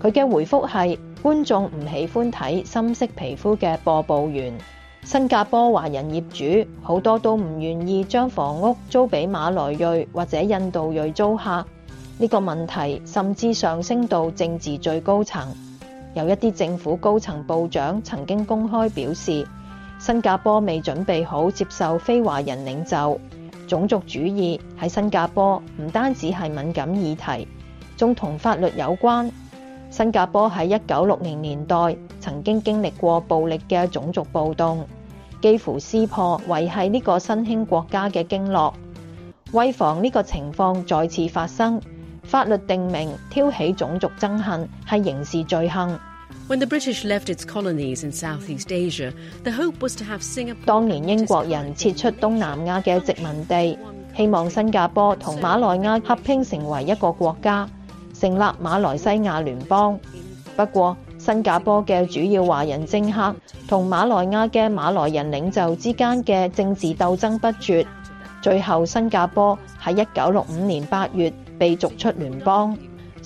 佢嘅回覆係：觀眾唔喜歡睇深色皮膚嘅播報員。新加坡華人業主好多都唔願意將房屋租俾馬來裔或者印度裔租客。呢個問題甚至上升到政治最高層，有一啲政府高層部長曾經公開表示，新加坡未準備好接受非華人領袖。種族主義喺新加坡唔單止係敏感議題，仲同法律有關。新加坡喺一九六零年代曾經經歷過暴力嘅種族暴動，幾乎撕破維繫呢個新興國家嘅經絡。為防呢個情況再次發生，法律定明挑起種族憎恨係刑事罪行。When the British left its colonies in Southeast Asia, the hope was to have Singapore. 當年英國人撤出東南亞嘅殖民地，希望新加坡同馬來亞合併成為一個國家，成立馬來西亞聯邦。不過，新加坡嘅主要華人政客同馬來亞嘅馬來人領袖之間嘅政治鬥爭不絕，最後新加坡喺一九六五年八月被逐出聯邦。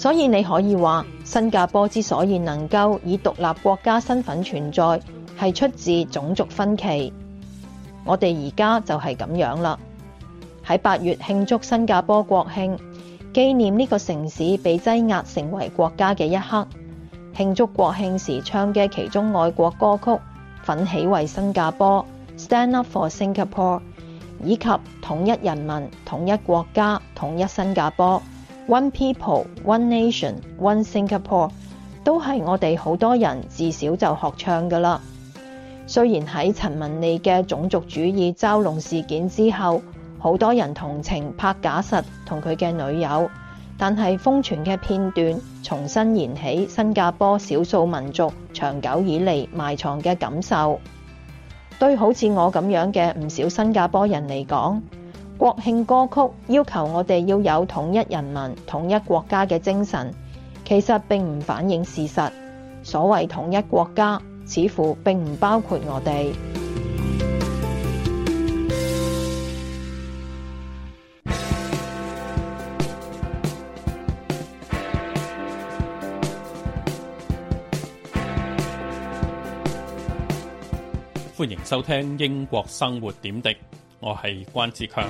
所以你可以話，新加坡之所以能夠以獨立國家身份存在，係出自種族分歧。我哋而家就係咁樣啦。喺八月慶祝新加坡國慶，紀念呢個城市被擠壓成為國家嘅一刻，慶祝國慶時唱嘅其中愛國歌曲《奮起為新加坡》（Stand Up for Singapore） 以及《統一人民、統一國家、統一新加坡》。One people, one nation, one Singapore，都係我哋好多人自小就學唱噶啦。雖然喺陳文利嘅種族主義嘲弄事件之後，好多人同情柏嘉實同佢嘅女友，但係瘋傳嘅片段重新燃起新加坡少數民族長久以嚟埋藏嘅感受。對好似我咁樣嘅唔少新加坡人嚟講。國慶歌曲要求我哋要有統一人民、統一國家嘅精神，其實並唔反映事實。所謂統一國家，似乎並唔包括我哋。歡迎收聽《英國生活點滴》。我係關志強。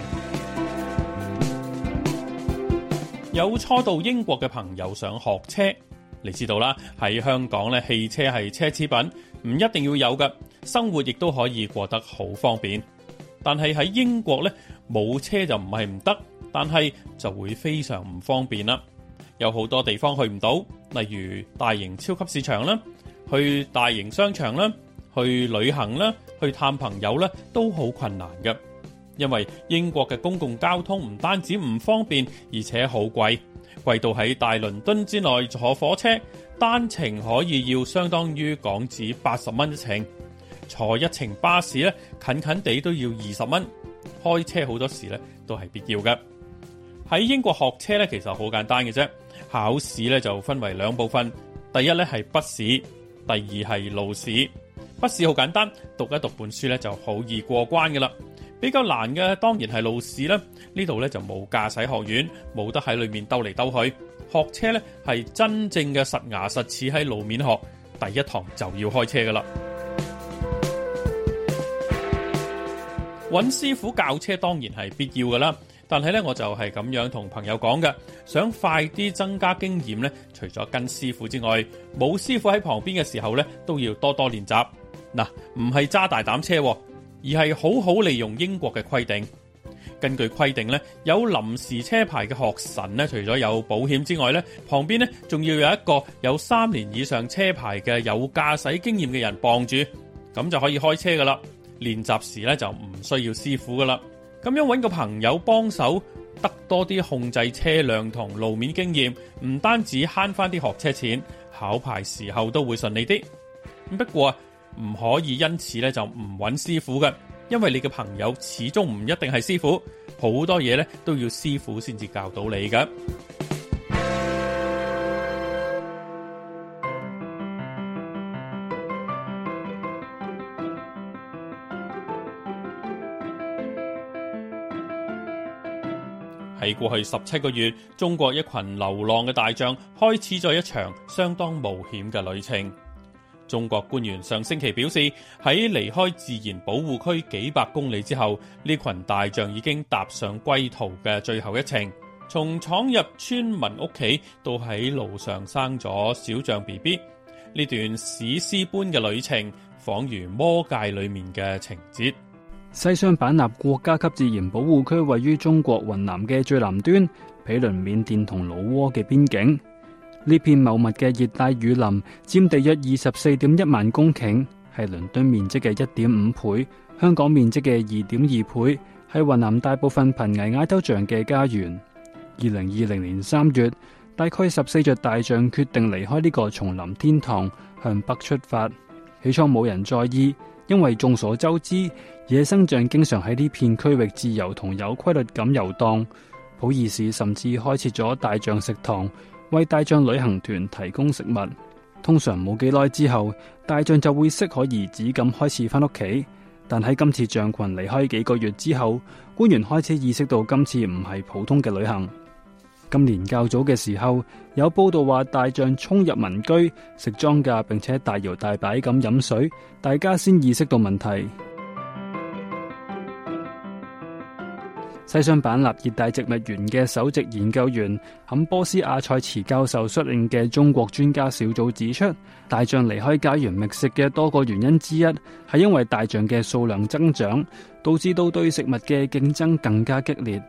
有初到英國嘅朋友想學車，你知道啦。喺香港咧，汽車係奢侈品，唔一定要有㗎，生活亦都可以過得好方便。但係喺英國咧，冇車就唔係唔得，但係就會非常唔方便啦。有好多地方去唔到，例如大型超級市場啦，去大型商場啦，去旅行啦，去探朋友啦，都好困難㗎。因為英國嘅公共交通唔單止唔方便，而且好貴，貴到喺大倫敦之內坐火車單程可以要相當於港紙八十蚊一程，坐一程巴士咧近近地都要二十蚊，開車好多時咧都係必要嘅。喺英國學車咧，其實好簡單嘅啫，考試咧就分為兩部分，第一咧係筆試，第二係路試。筆試好簡單，讀一讀本書咧就好易過關嘅啦。比較難嘅當然係路試啦，呢度呢就冇駕駛學院，冇得喺裏面兜嚟兜去，學車呢係真正嘅實牙實齒喺路面學，第一堂就要開車噶啦。揾師傅教車當然係必要噶啦，但係呢，我就係咁樣同朋友講嘅，想快啲增加經驗呢，除咗跟師傅之外，冇師傅喺旁邊嘅時候呢都要多多練習。嗱、啊，唔係揸大膽車。而係好好利用英國嘅規定。根據規定呢，有臨時車牌嘅學神呢，除咗有保險之外呢，旁邊呢，仲要有一個有三年以上車牌嘅有駕駛經驗嘅人傍住，咁就可以開車噶啦。練習時呢就唔需要師傅噶啦。咁樣揾個朋友幫手，得多啲控制車輛同路面經驗，唔單止慳翻啲學車錢，考牌時候都會順利啲。不過啊～唔可以因此咧就唔揾師傅嘅，因為你嘅朋友始終唔一定係師傅，好多嘢咧都要師傅先至教到你嘅。喺 <music> 過去十七個月，中國一群流浪嘅大象開始咗一場相當冒險嘅旅程。中國官員上星期表示，喺離開自然保護區幾百公里之後，呢群大象已經踏上歸途嘅最後一程。從闖入村民屋企到喺路上生咗小象 BB，呢段史詩般嘅旅程，仿如魔界裏面嘅情節。西雙版納國家級自然保護區位於中國雲南嘅最南端，毗鄰緬甸同老撾嘅邊境。呢片茂密嘅熱帶雨林佔地約二十四點一萬公頃，係倫敦面積嘅一點五倍，香港面積嘅二點二倍，係雲南大部分瀕危亞洲象嘅家園。二零二零年三月，大概十四隻大象決定離開呢個叢林天堂，向北出發。起初冇人在意，因為眾所周知，野生象經常喺呢片區域自由同有規律咁遊蕩。普洱市甚至開設咗大象食堂。為大象旅行團提供食物，通常冇幾耐之後，大象就會適可而止咁開始返屋企。但喺今次象群離開幾個月之後，官員開始意識到今次唔係普通嘅旅行。今年較早嘅時候，有報道話大象衝入民居食莊稼，並且大搖大擺咁飲水，大家先意識到問題。西雙版納熱帶植物園嘅首席研究員坎波斯阿塞茨教授率領嘅中國專家小組指出，大象離開家園覓食嘅多個原因之一係因為大象嘅數量增長，導致到對食物嘅競爭更加激烈。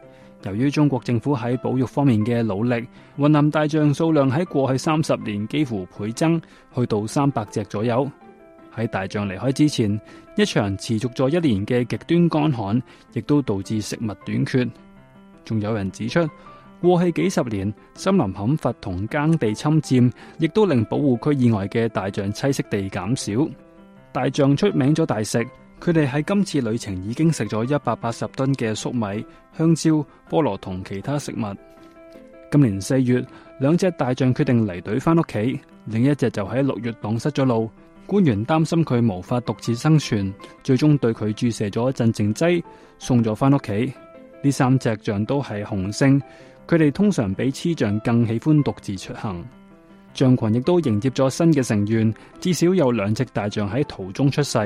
由於中國政府喺保育方面嘅努力，雲南大象數量喺過去三十年幾乎倍增，去到三百隻左右。喺大象離開之前，一場持續咗一年嘅極端乾旱，亦都導致食物短缺。仲有人指出，過去幾十年，森林砍伐同耕地侵占，亦都令保護區以外嘅大象棲息地減少。大象出名咗大食，佢哋喺今次旅程已經食咗一百八十噸嘅粟米、香蕉、菠蘿同其他食物。今年四月，兩隻大象決定離隊翻屋企，另一隻就喺六月蕩失咗路。官員擔心佢無法獨自生存，最終對佢注射咗鎮靜劑，送咗翻屋企。呢三隻象都係雄性，佢哋通常比雌象更喜歡獨自出行。象群亦都迎接咗新嘅成員，至少有兩隻大象喺途中出世。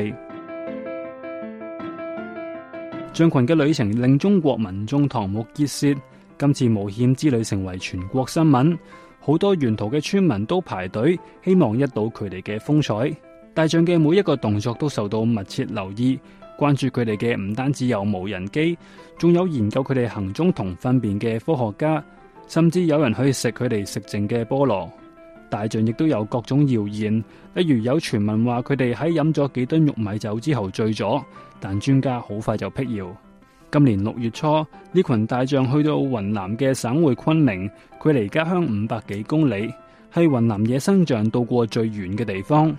象群嘅旅程令中國民眾瞠目結舌，今次冒險之旅成為全國新聞。好多沿途嘅村民都排隊，希望一睹佢哋嘅風采。大象嘅每一個動作都受到密切留意，關注佢哋嘅唔單止有無人機，仲有研究佢哋行蹤同糞便嘅科學家，甚至有人可以食佢哋食剩嘅菠蘿。大象亦都有各種謠言，例如有傳聞話佢哋喺飲咗幾噸玉米酒之後醉咗，但專家好快就闢謠。今年六月初，呢群大象去到雲南嘅省會昆明，距離家鄉五百幾公里，係雲南野生象到過最遠嘅地方。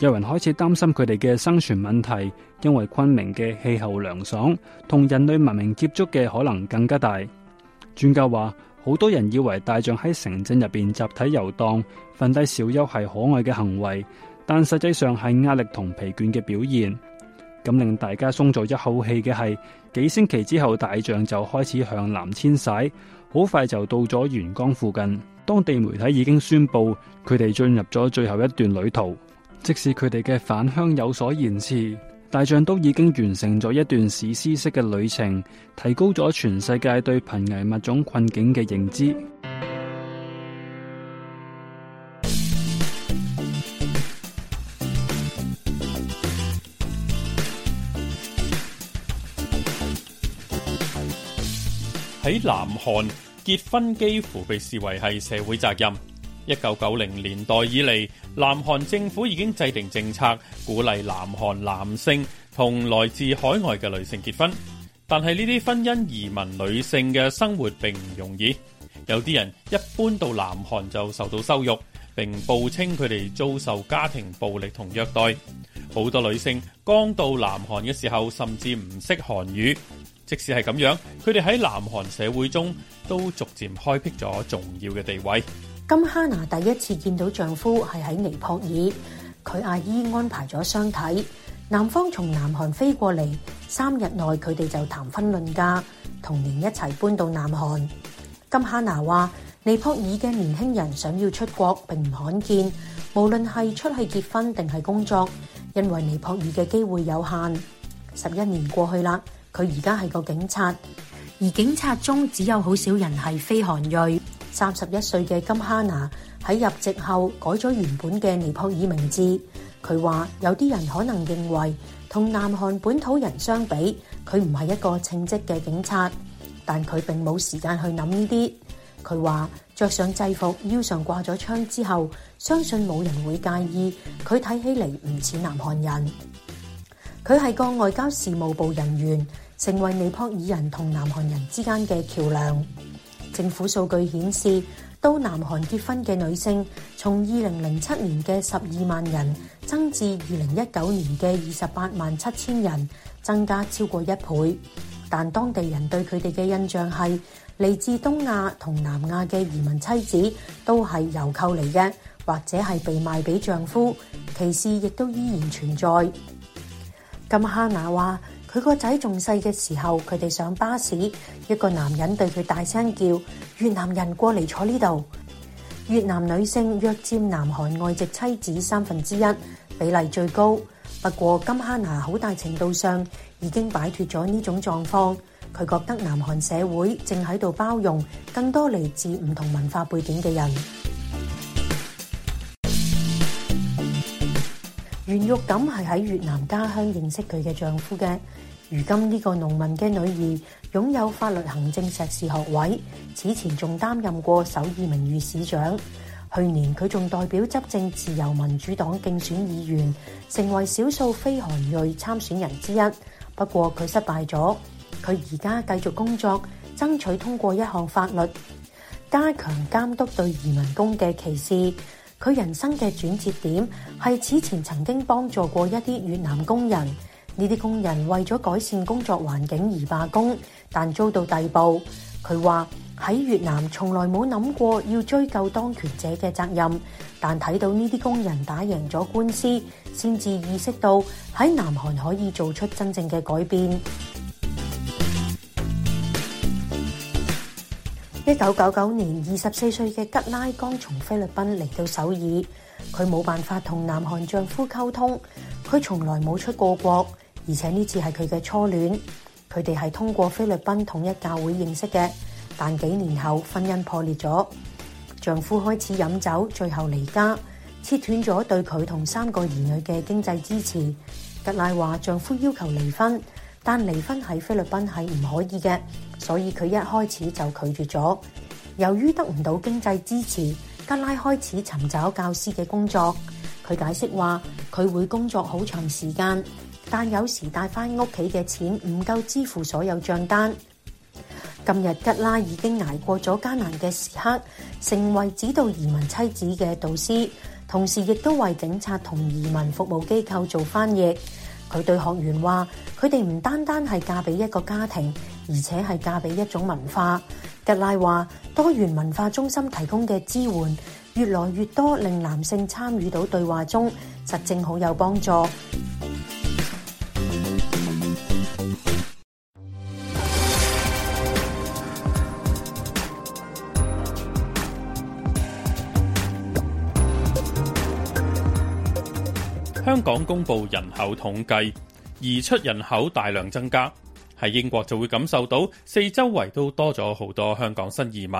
有人開始擔心佢哋嘅生存問題，因為昆明嘅氣候涼爽，同人類文明接觸嘅可能更加大。專家話，好多人以為大象喺城鎮入邊集體遊蕩、瞓低小休係可愛嘅行為，但實際上係壓力同疲倦嘅表現。咁令大家鬆咗一口氣嘅係幾星期之後，大象就開始向南遷徙，好快就到咗元江附近。當地媒體已經宣布佢哋進入咗最後一段旅途。即使佢哋嘅返鄉有所延遲，大象都已經完成咗一段史詩式嘅旅程，提高咗全世界對瀕危物種困境嘅認知。喺南韓，結婚幾乎被視為係社會責任。一九九零年代以嚟，南韓政府已經制定政策鼓勵南韓男性同來自海外嘅女性結婚。但係呢啲婚姻移民女性嘅生活並唔容易。有啲人一搬到南韓就受到羞辱，並報稱佢哋遭受家庭暴力同虐待。好多女性剛到南韓嘅時候，甚至唔識韓語。即使係咁樣，佢哋喺南韓社會中都逐漸開辟咗重要嘅地位。金哈娜第一次見到丈夫係喺尼泊爾，佢阿姨安排咗相睇。男方從南韓飛過嚟，三日內佢哋就談婚論嫁，同年一齊搬到南韓。金哈娜話：尼泊爾嘅年輕人想要出國並唔罕見，無論係出去結婚定係工作，因為尼泊爾嘅機會有限。十一年過去啦，佢而家係個警察，而警察中只有好少人係非韓裔。三十一歲嘅金哈娜喺入籍後改咗原本嘅尼泊爾名字。佢話有啲人可能認為同南韓本土人相比，佢唔係一個稱職嘅警察。但佢並冇時間去諗呢啲。佢話着上制服、腰上掛咗槍之後，相信冇人會介意佢睇起嚟唔似南韓人。佢係個外交事務部人員，成為尼泊爾人同南韓人之間嘅橋樑。政府數據顯示，到南韓結婚嘅女性，從二零零七年嘅十二萬人，增至二零一九年嘅二十八萬七千人，增加超過一倍。但當地人對佢哋嘅印象係，嚟自東亞同南亞嘅移民妻子，都係郵購嚟嘅，或者係被賣俾丈夫，歧視亦都依然存在。金哈雅話。佢個仔仲細嘅時候，佢哋上巴士，一個男人對佢大聲叫：越南人過嚟坐呢度。越南女性約占南韓外籍妻子三分之一，比例最高。不過金哈娜好大程度上已經擺脱咗呢種狀況。佢覺得南韓社會正喺度包容更多嚟自唔同文化背景嘅人。袁玉錦係喺越南家鄉認識佢嘅丈夫嘅。如今呢個農民嘅女兒擁有法律行政碩士學位，此前仲擔任過首爾名譽市長。去年佢仲代表執政自由民主黨競選議員，成為少數非韓裔參選人之一。不過佢失敗咗，佢而家繼續工作，爭取通過一項法律加強監督對移民工嘅歧視。佢人生嘅轉折點係此前曾經幫助過一啲越南工人。呢啲工人為咗改善工作環境而罷工，但遭到逮捕。佢話喺越南從來冇諗過要追究當權者嘅責任，但睇到呢啲工人打贏咗官司，先至意識到喺南韓可以做出真正嘅改變。一九九九年，二十四歲嘅吉拉剛從菲律賓嚟到首爾，佢冇辦法同南韓丈夫溝通，佢從來冇出過國。而且呢次係佢嘅初戀，佢哋係通過菲律賓統一教會認識嘅。但幾年後婚姻破裂咗，丈夫開始飲酒，最後離家，切斷咗對佢同三個兒女嘅經濟支持。格拉話丈夫要求離婚，但離婚喺菲律賓係唔可以嘅，所以佢一開始就拒絕咗。由於得唔到經濟支持，格拉開始尋找教師嘅工作。佢解釋話佢會工作好長時間。但有時帶翻屋企嘅錢唔夠支付所有賬單。今日吉拉已經挨過咗艱難嘅時刻，成為指導移民妻子嘅導師，同時亦都為警察同移民服務機構做翻譯。佢對學員話：佢哋唔單單係嫁俾一個家庭，而且係嫁俾一種文化。吉拉話：多元文化中心提供嘅支援，越來越多令男性參與到對話中，實正好有幫助。香港公布人口統計，移出人口大量增加，喺英國就會感受到四周圍都多咗好多香港新移民。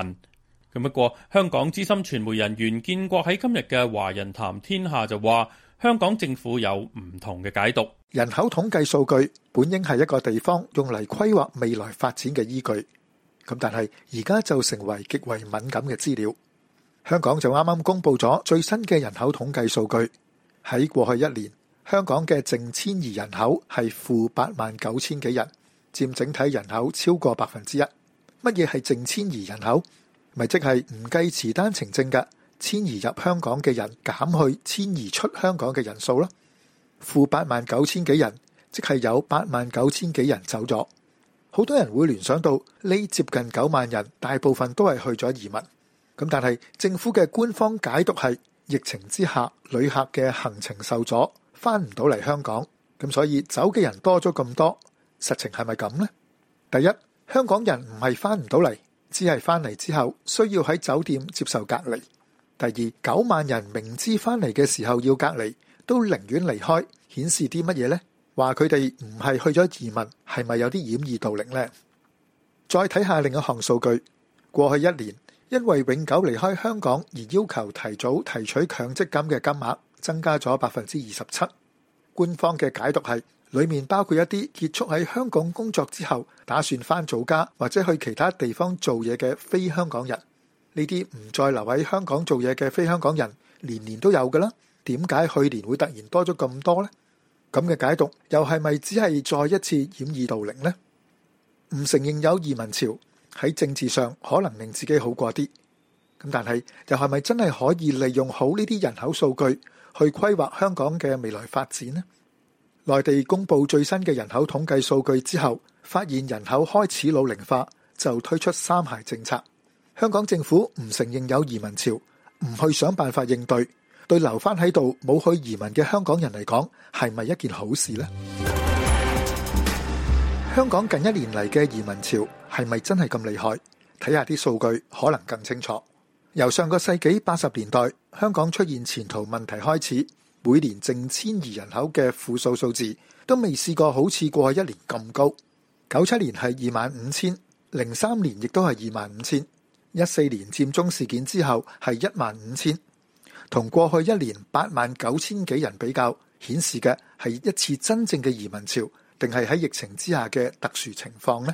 咁不過，香港資深傳媒人袁建國喺今日嘅《華人談天下》就話，香港政府有唔同嘅解讀。人口統計數據本應係一個地方用嚟規劃未來發展嘅依據，咁但係而家就成為極為敏感嘅資料。香港就啱啱公布咗最新嘅人口統計數據。喺過去一年，香港嘅淨遷移人口係負八萬九千幾人，佔整體人口超過百分之一。乜嘢係淨遷移人口？咪即係唔計持單程證嘅遷移入香港嘅人，減去遷移出香港嘅人數咯。負八萬九千幾人，即係有八萬九千幾人走咗。好多人會聯想到呢接近九萬人，大部分都係去咗移民。咁但係政府嘅官方解讀係。疫情之下，旅客嘅行程受阻，翻唔到嚟香港，咁所以走嘅人多咗咁多，實情係咪咁咧？第一，香港人唔係翻唔到嚟，只係翻嚟之後需要喺酒店接受隔離。第二，九萬人明知翻嚟嘅時候要隔離，都寧願離開，顯示啲乜嘢咧？話佢哋唔係去咗移民，係咪有啲掩耳盜鈴咧？再睇下另一項數據，過去一年。因為永久離開香港而要求提早提取強積金嘅金額增加咗百分之二十七，官方嘅解讀係裏面包括一啲結束喺香港工作之後打算翻祖家或者去其他地方做嘢嘅非香港人，呢啲唔再留喺香港做嘢嘅非香港人年年都有嘅啦，點解去年會突然多咗咁多呢？咁嘅解讀又係咪只係再一次掩耳盜鈴呢？唔承認有移民潮。喺政治上可能令自己好過啲，咁但係又係咪真係可以利用好呢啲人口數據去規劃香港嘅未來發展呢？內地公布最新嘅人口統計數據之後，發現人口開始老齡化，就推出三孩政策。香港政府唔承認有移民潮，唔去想辦法應對，對留翻喺度冇去移民嘅香港人嚟講，係咪一件好事呢？香港近一年嚟嘅移民潮。係咪真係咁厲害？睇下啲數據可能更清楚。由上個世紀八十年代香港出現前途問題開始，每年淨遷移人口嘅負數數字都未試過，好似過去一年咁高。九七年係二萬五千，零三年亦都係二萬五千，一四年佔中事件之後係一萬五千，同過去一年八萬九千幾人比較，顯示嘅係一次真正嘅移民潮，定係喺疫情之下嘅特殊情況呢？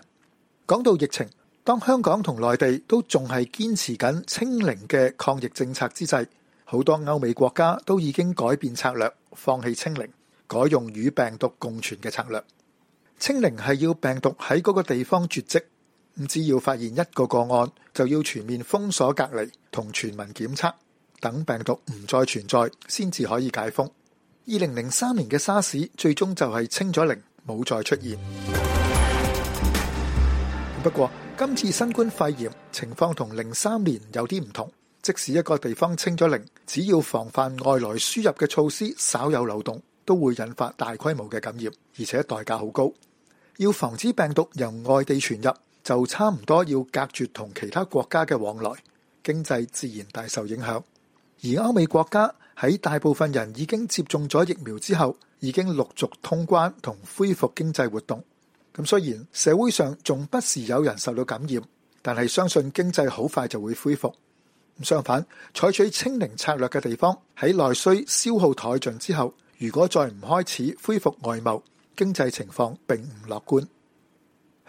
講到疫情，當香港同內地都仲係堅持緊清零嘅抗疫政策之際，好多歐美國家都已經改變策略，放棄清零，改用與病毒共存嘅策略。清零係要病毒喺嗰個地方絕迹，唔只要發現一個個案，就要全面封鎖隔離同全民檢測，等病毒唔再存在，先至可以解封。二零零三年嘅沙士，最終就係清咗零，冇再出現。不過，今次新冠肺炎情況同零三年有啲唔同。即使一個地方清咗零，只要防範外來輸入嘅措施稍有漏洞，都會引發大規模嘅感染，而且代價好高。要防止病毒由外地傳入，就差唔多要隔絕同其他國家嘅往來，經濟自然大受影響。而歐美國家喺大部分人已經接種咗疫苗之後，已經陸續通關同恢復經濟活動。咁雖然社會上仲不時有人受到感染，但係相信經濟好快就會恢復。相反，採取清零策略嘅地方喺內需消耗殆盡之後，如果再唔開始恢復外貿，經濟情況並唔樂觀。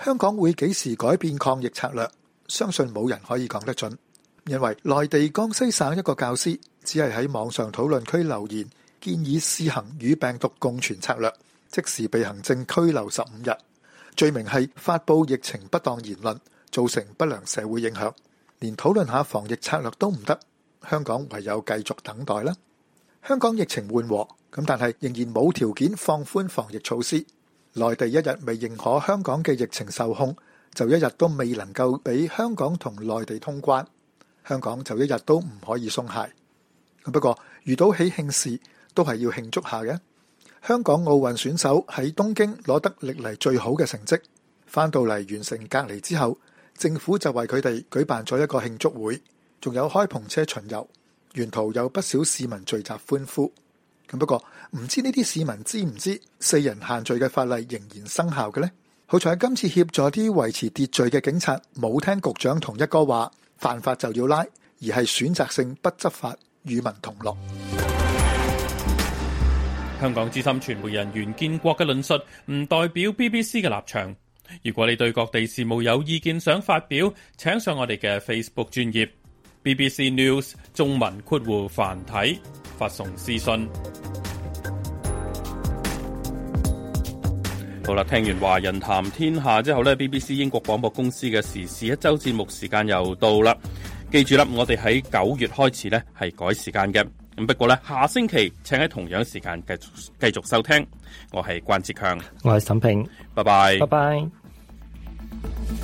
香港會幾時改變抗疫策略？相信冇人可以講得準。因為內地江西省一個教師只係喺網上討論區留言，建議試行與病毒共存策略，即時被行政拘留十五日。罪名係發佈疫情不當言論，造成不良社會影響，連討論下防疫策略都唔得。香港唯有繼續等待啦。香港疫情緩和咁，但係仍然冇條件放寬防疫措施。內地一日未認可香港嘅疫情受控，就一日都未能夠俾香港同內地通關。香港就一日都唔可以鬆懈。不過遇到喜慶事，都係要慶祝下嘅。香港奧運選手喺東京攞得歷嚟最好嘅成績，翻到嚟完成隔離之後，政府就為佢哋舉辦咗一個慶祝會，仲有開篷車巡遊，沿途有不少市民聚集歡呼。咁不過唔知呢啲市民知唔知四人限聚嘅法例仍然生效嘅呢？好彩今次協助啲維持秩序嘅警察冇聽局長同一哥話，犯法就要拉，而係選擇性不執法，與民同樂。香港資深傳媒人袁建國嘅論述唔代表 BBC 嘅立場。如果你對各地事務有意見想發表，請上我哋嘅 Facebook 專頁 BBC News 中文括弧繁體發送私信。好啦，聽完華人談天下之後呢 BBC 英國廣播公司嘅時事一周節目時間又到啦。記住啦，我哋喺九月開始呢係改時間嘅。咁不過呢，下星期請喺同樣時間繼續繼續收聽，我係關志強，我係沈平，拜拜，拜拜。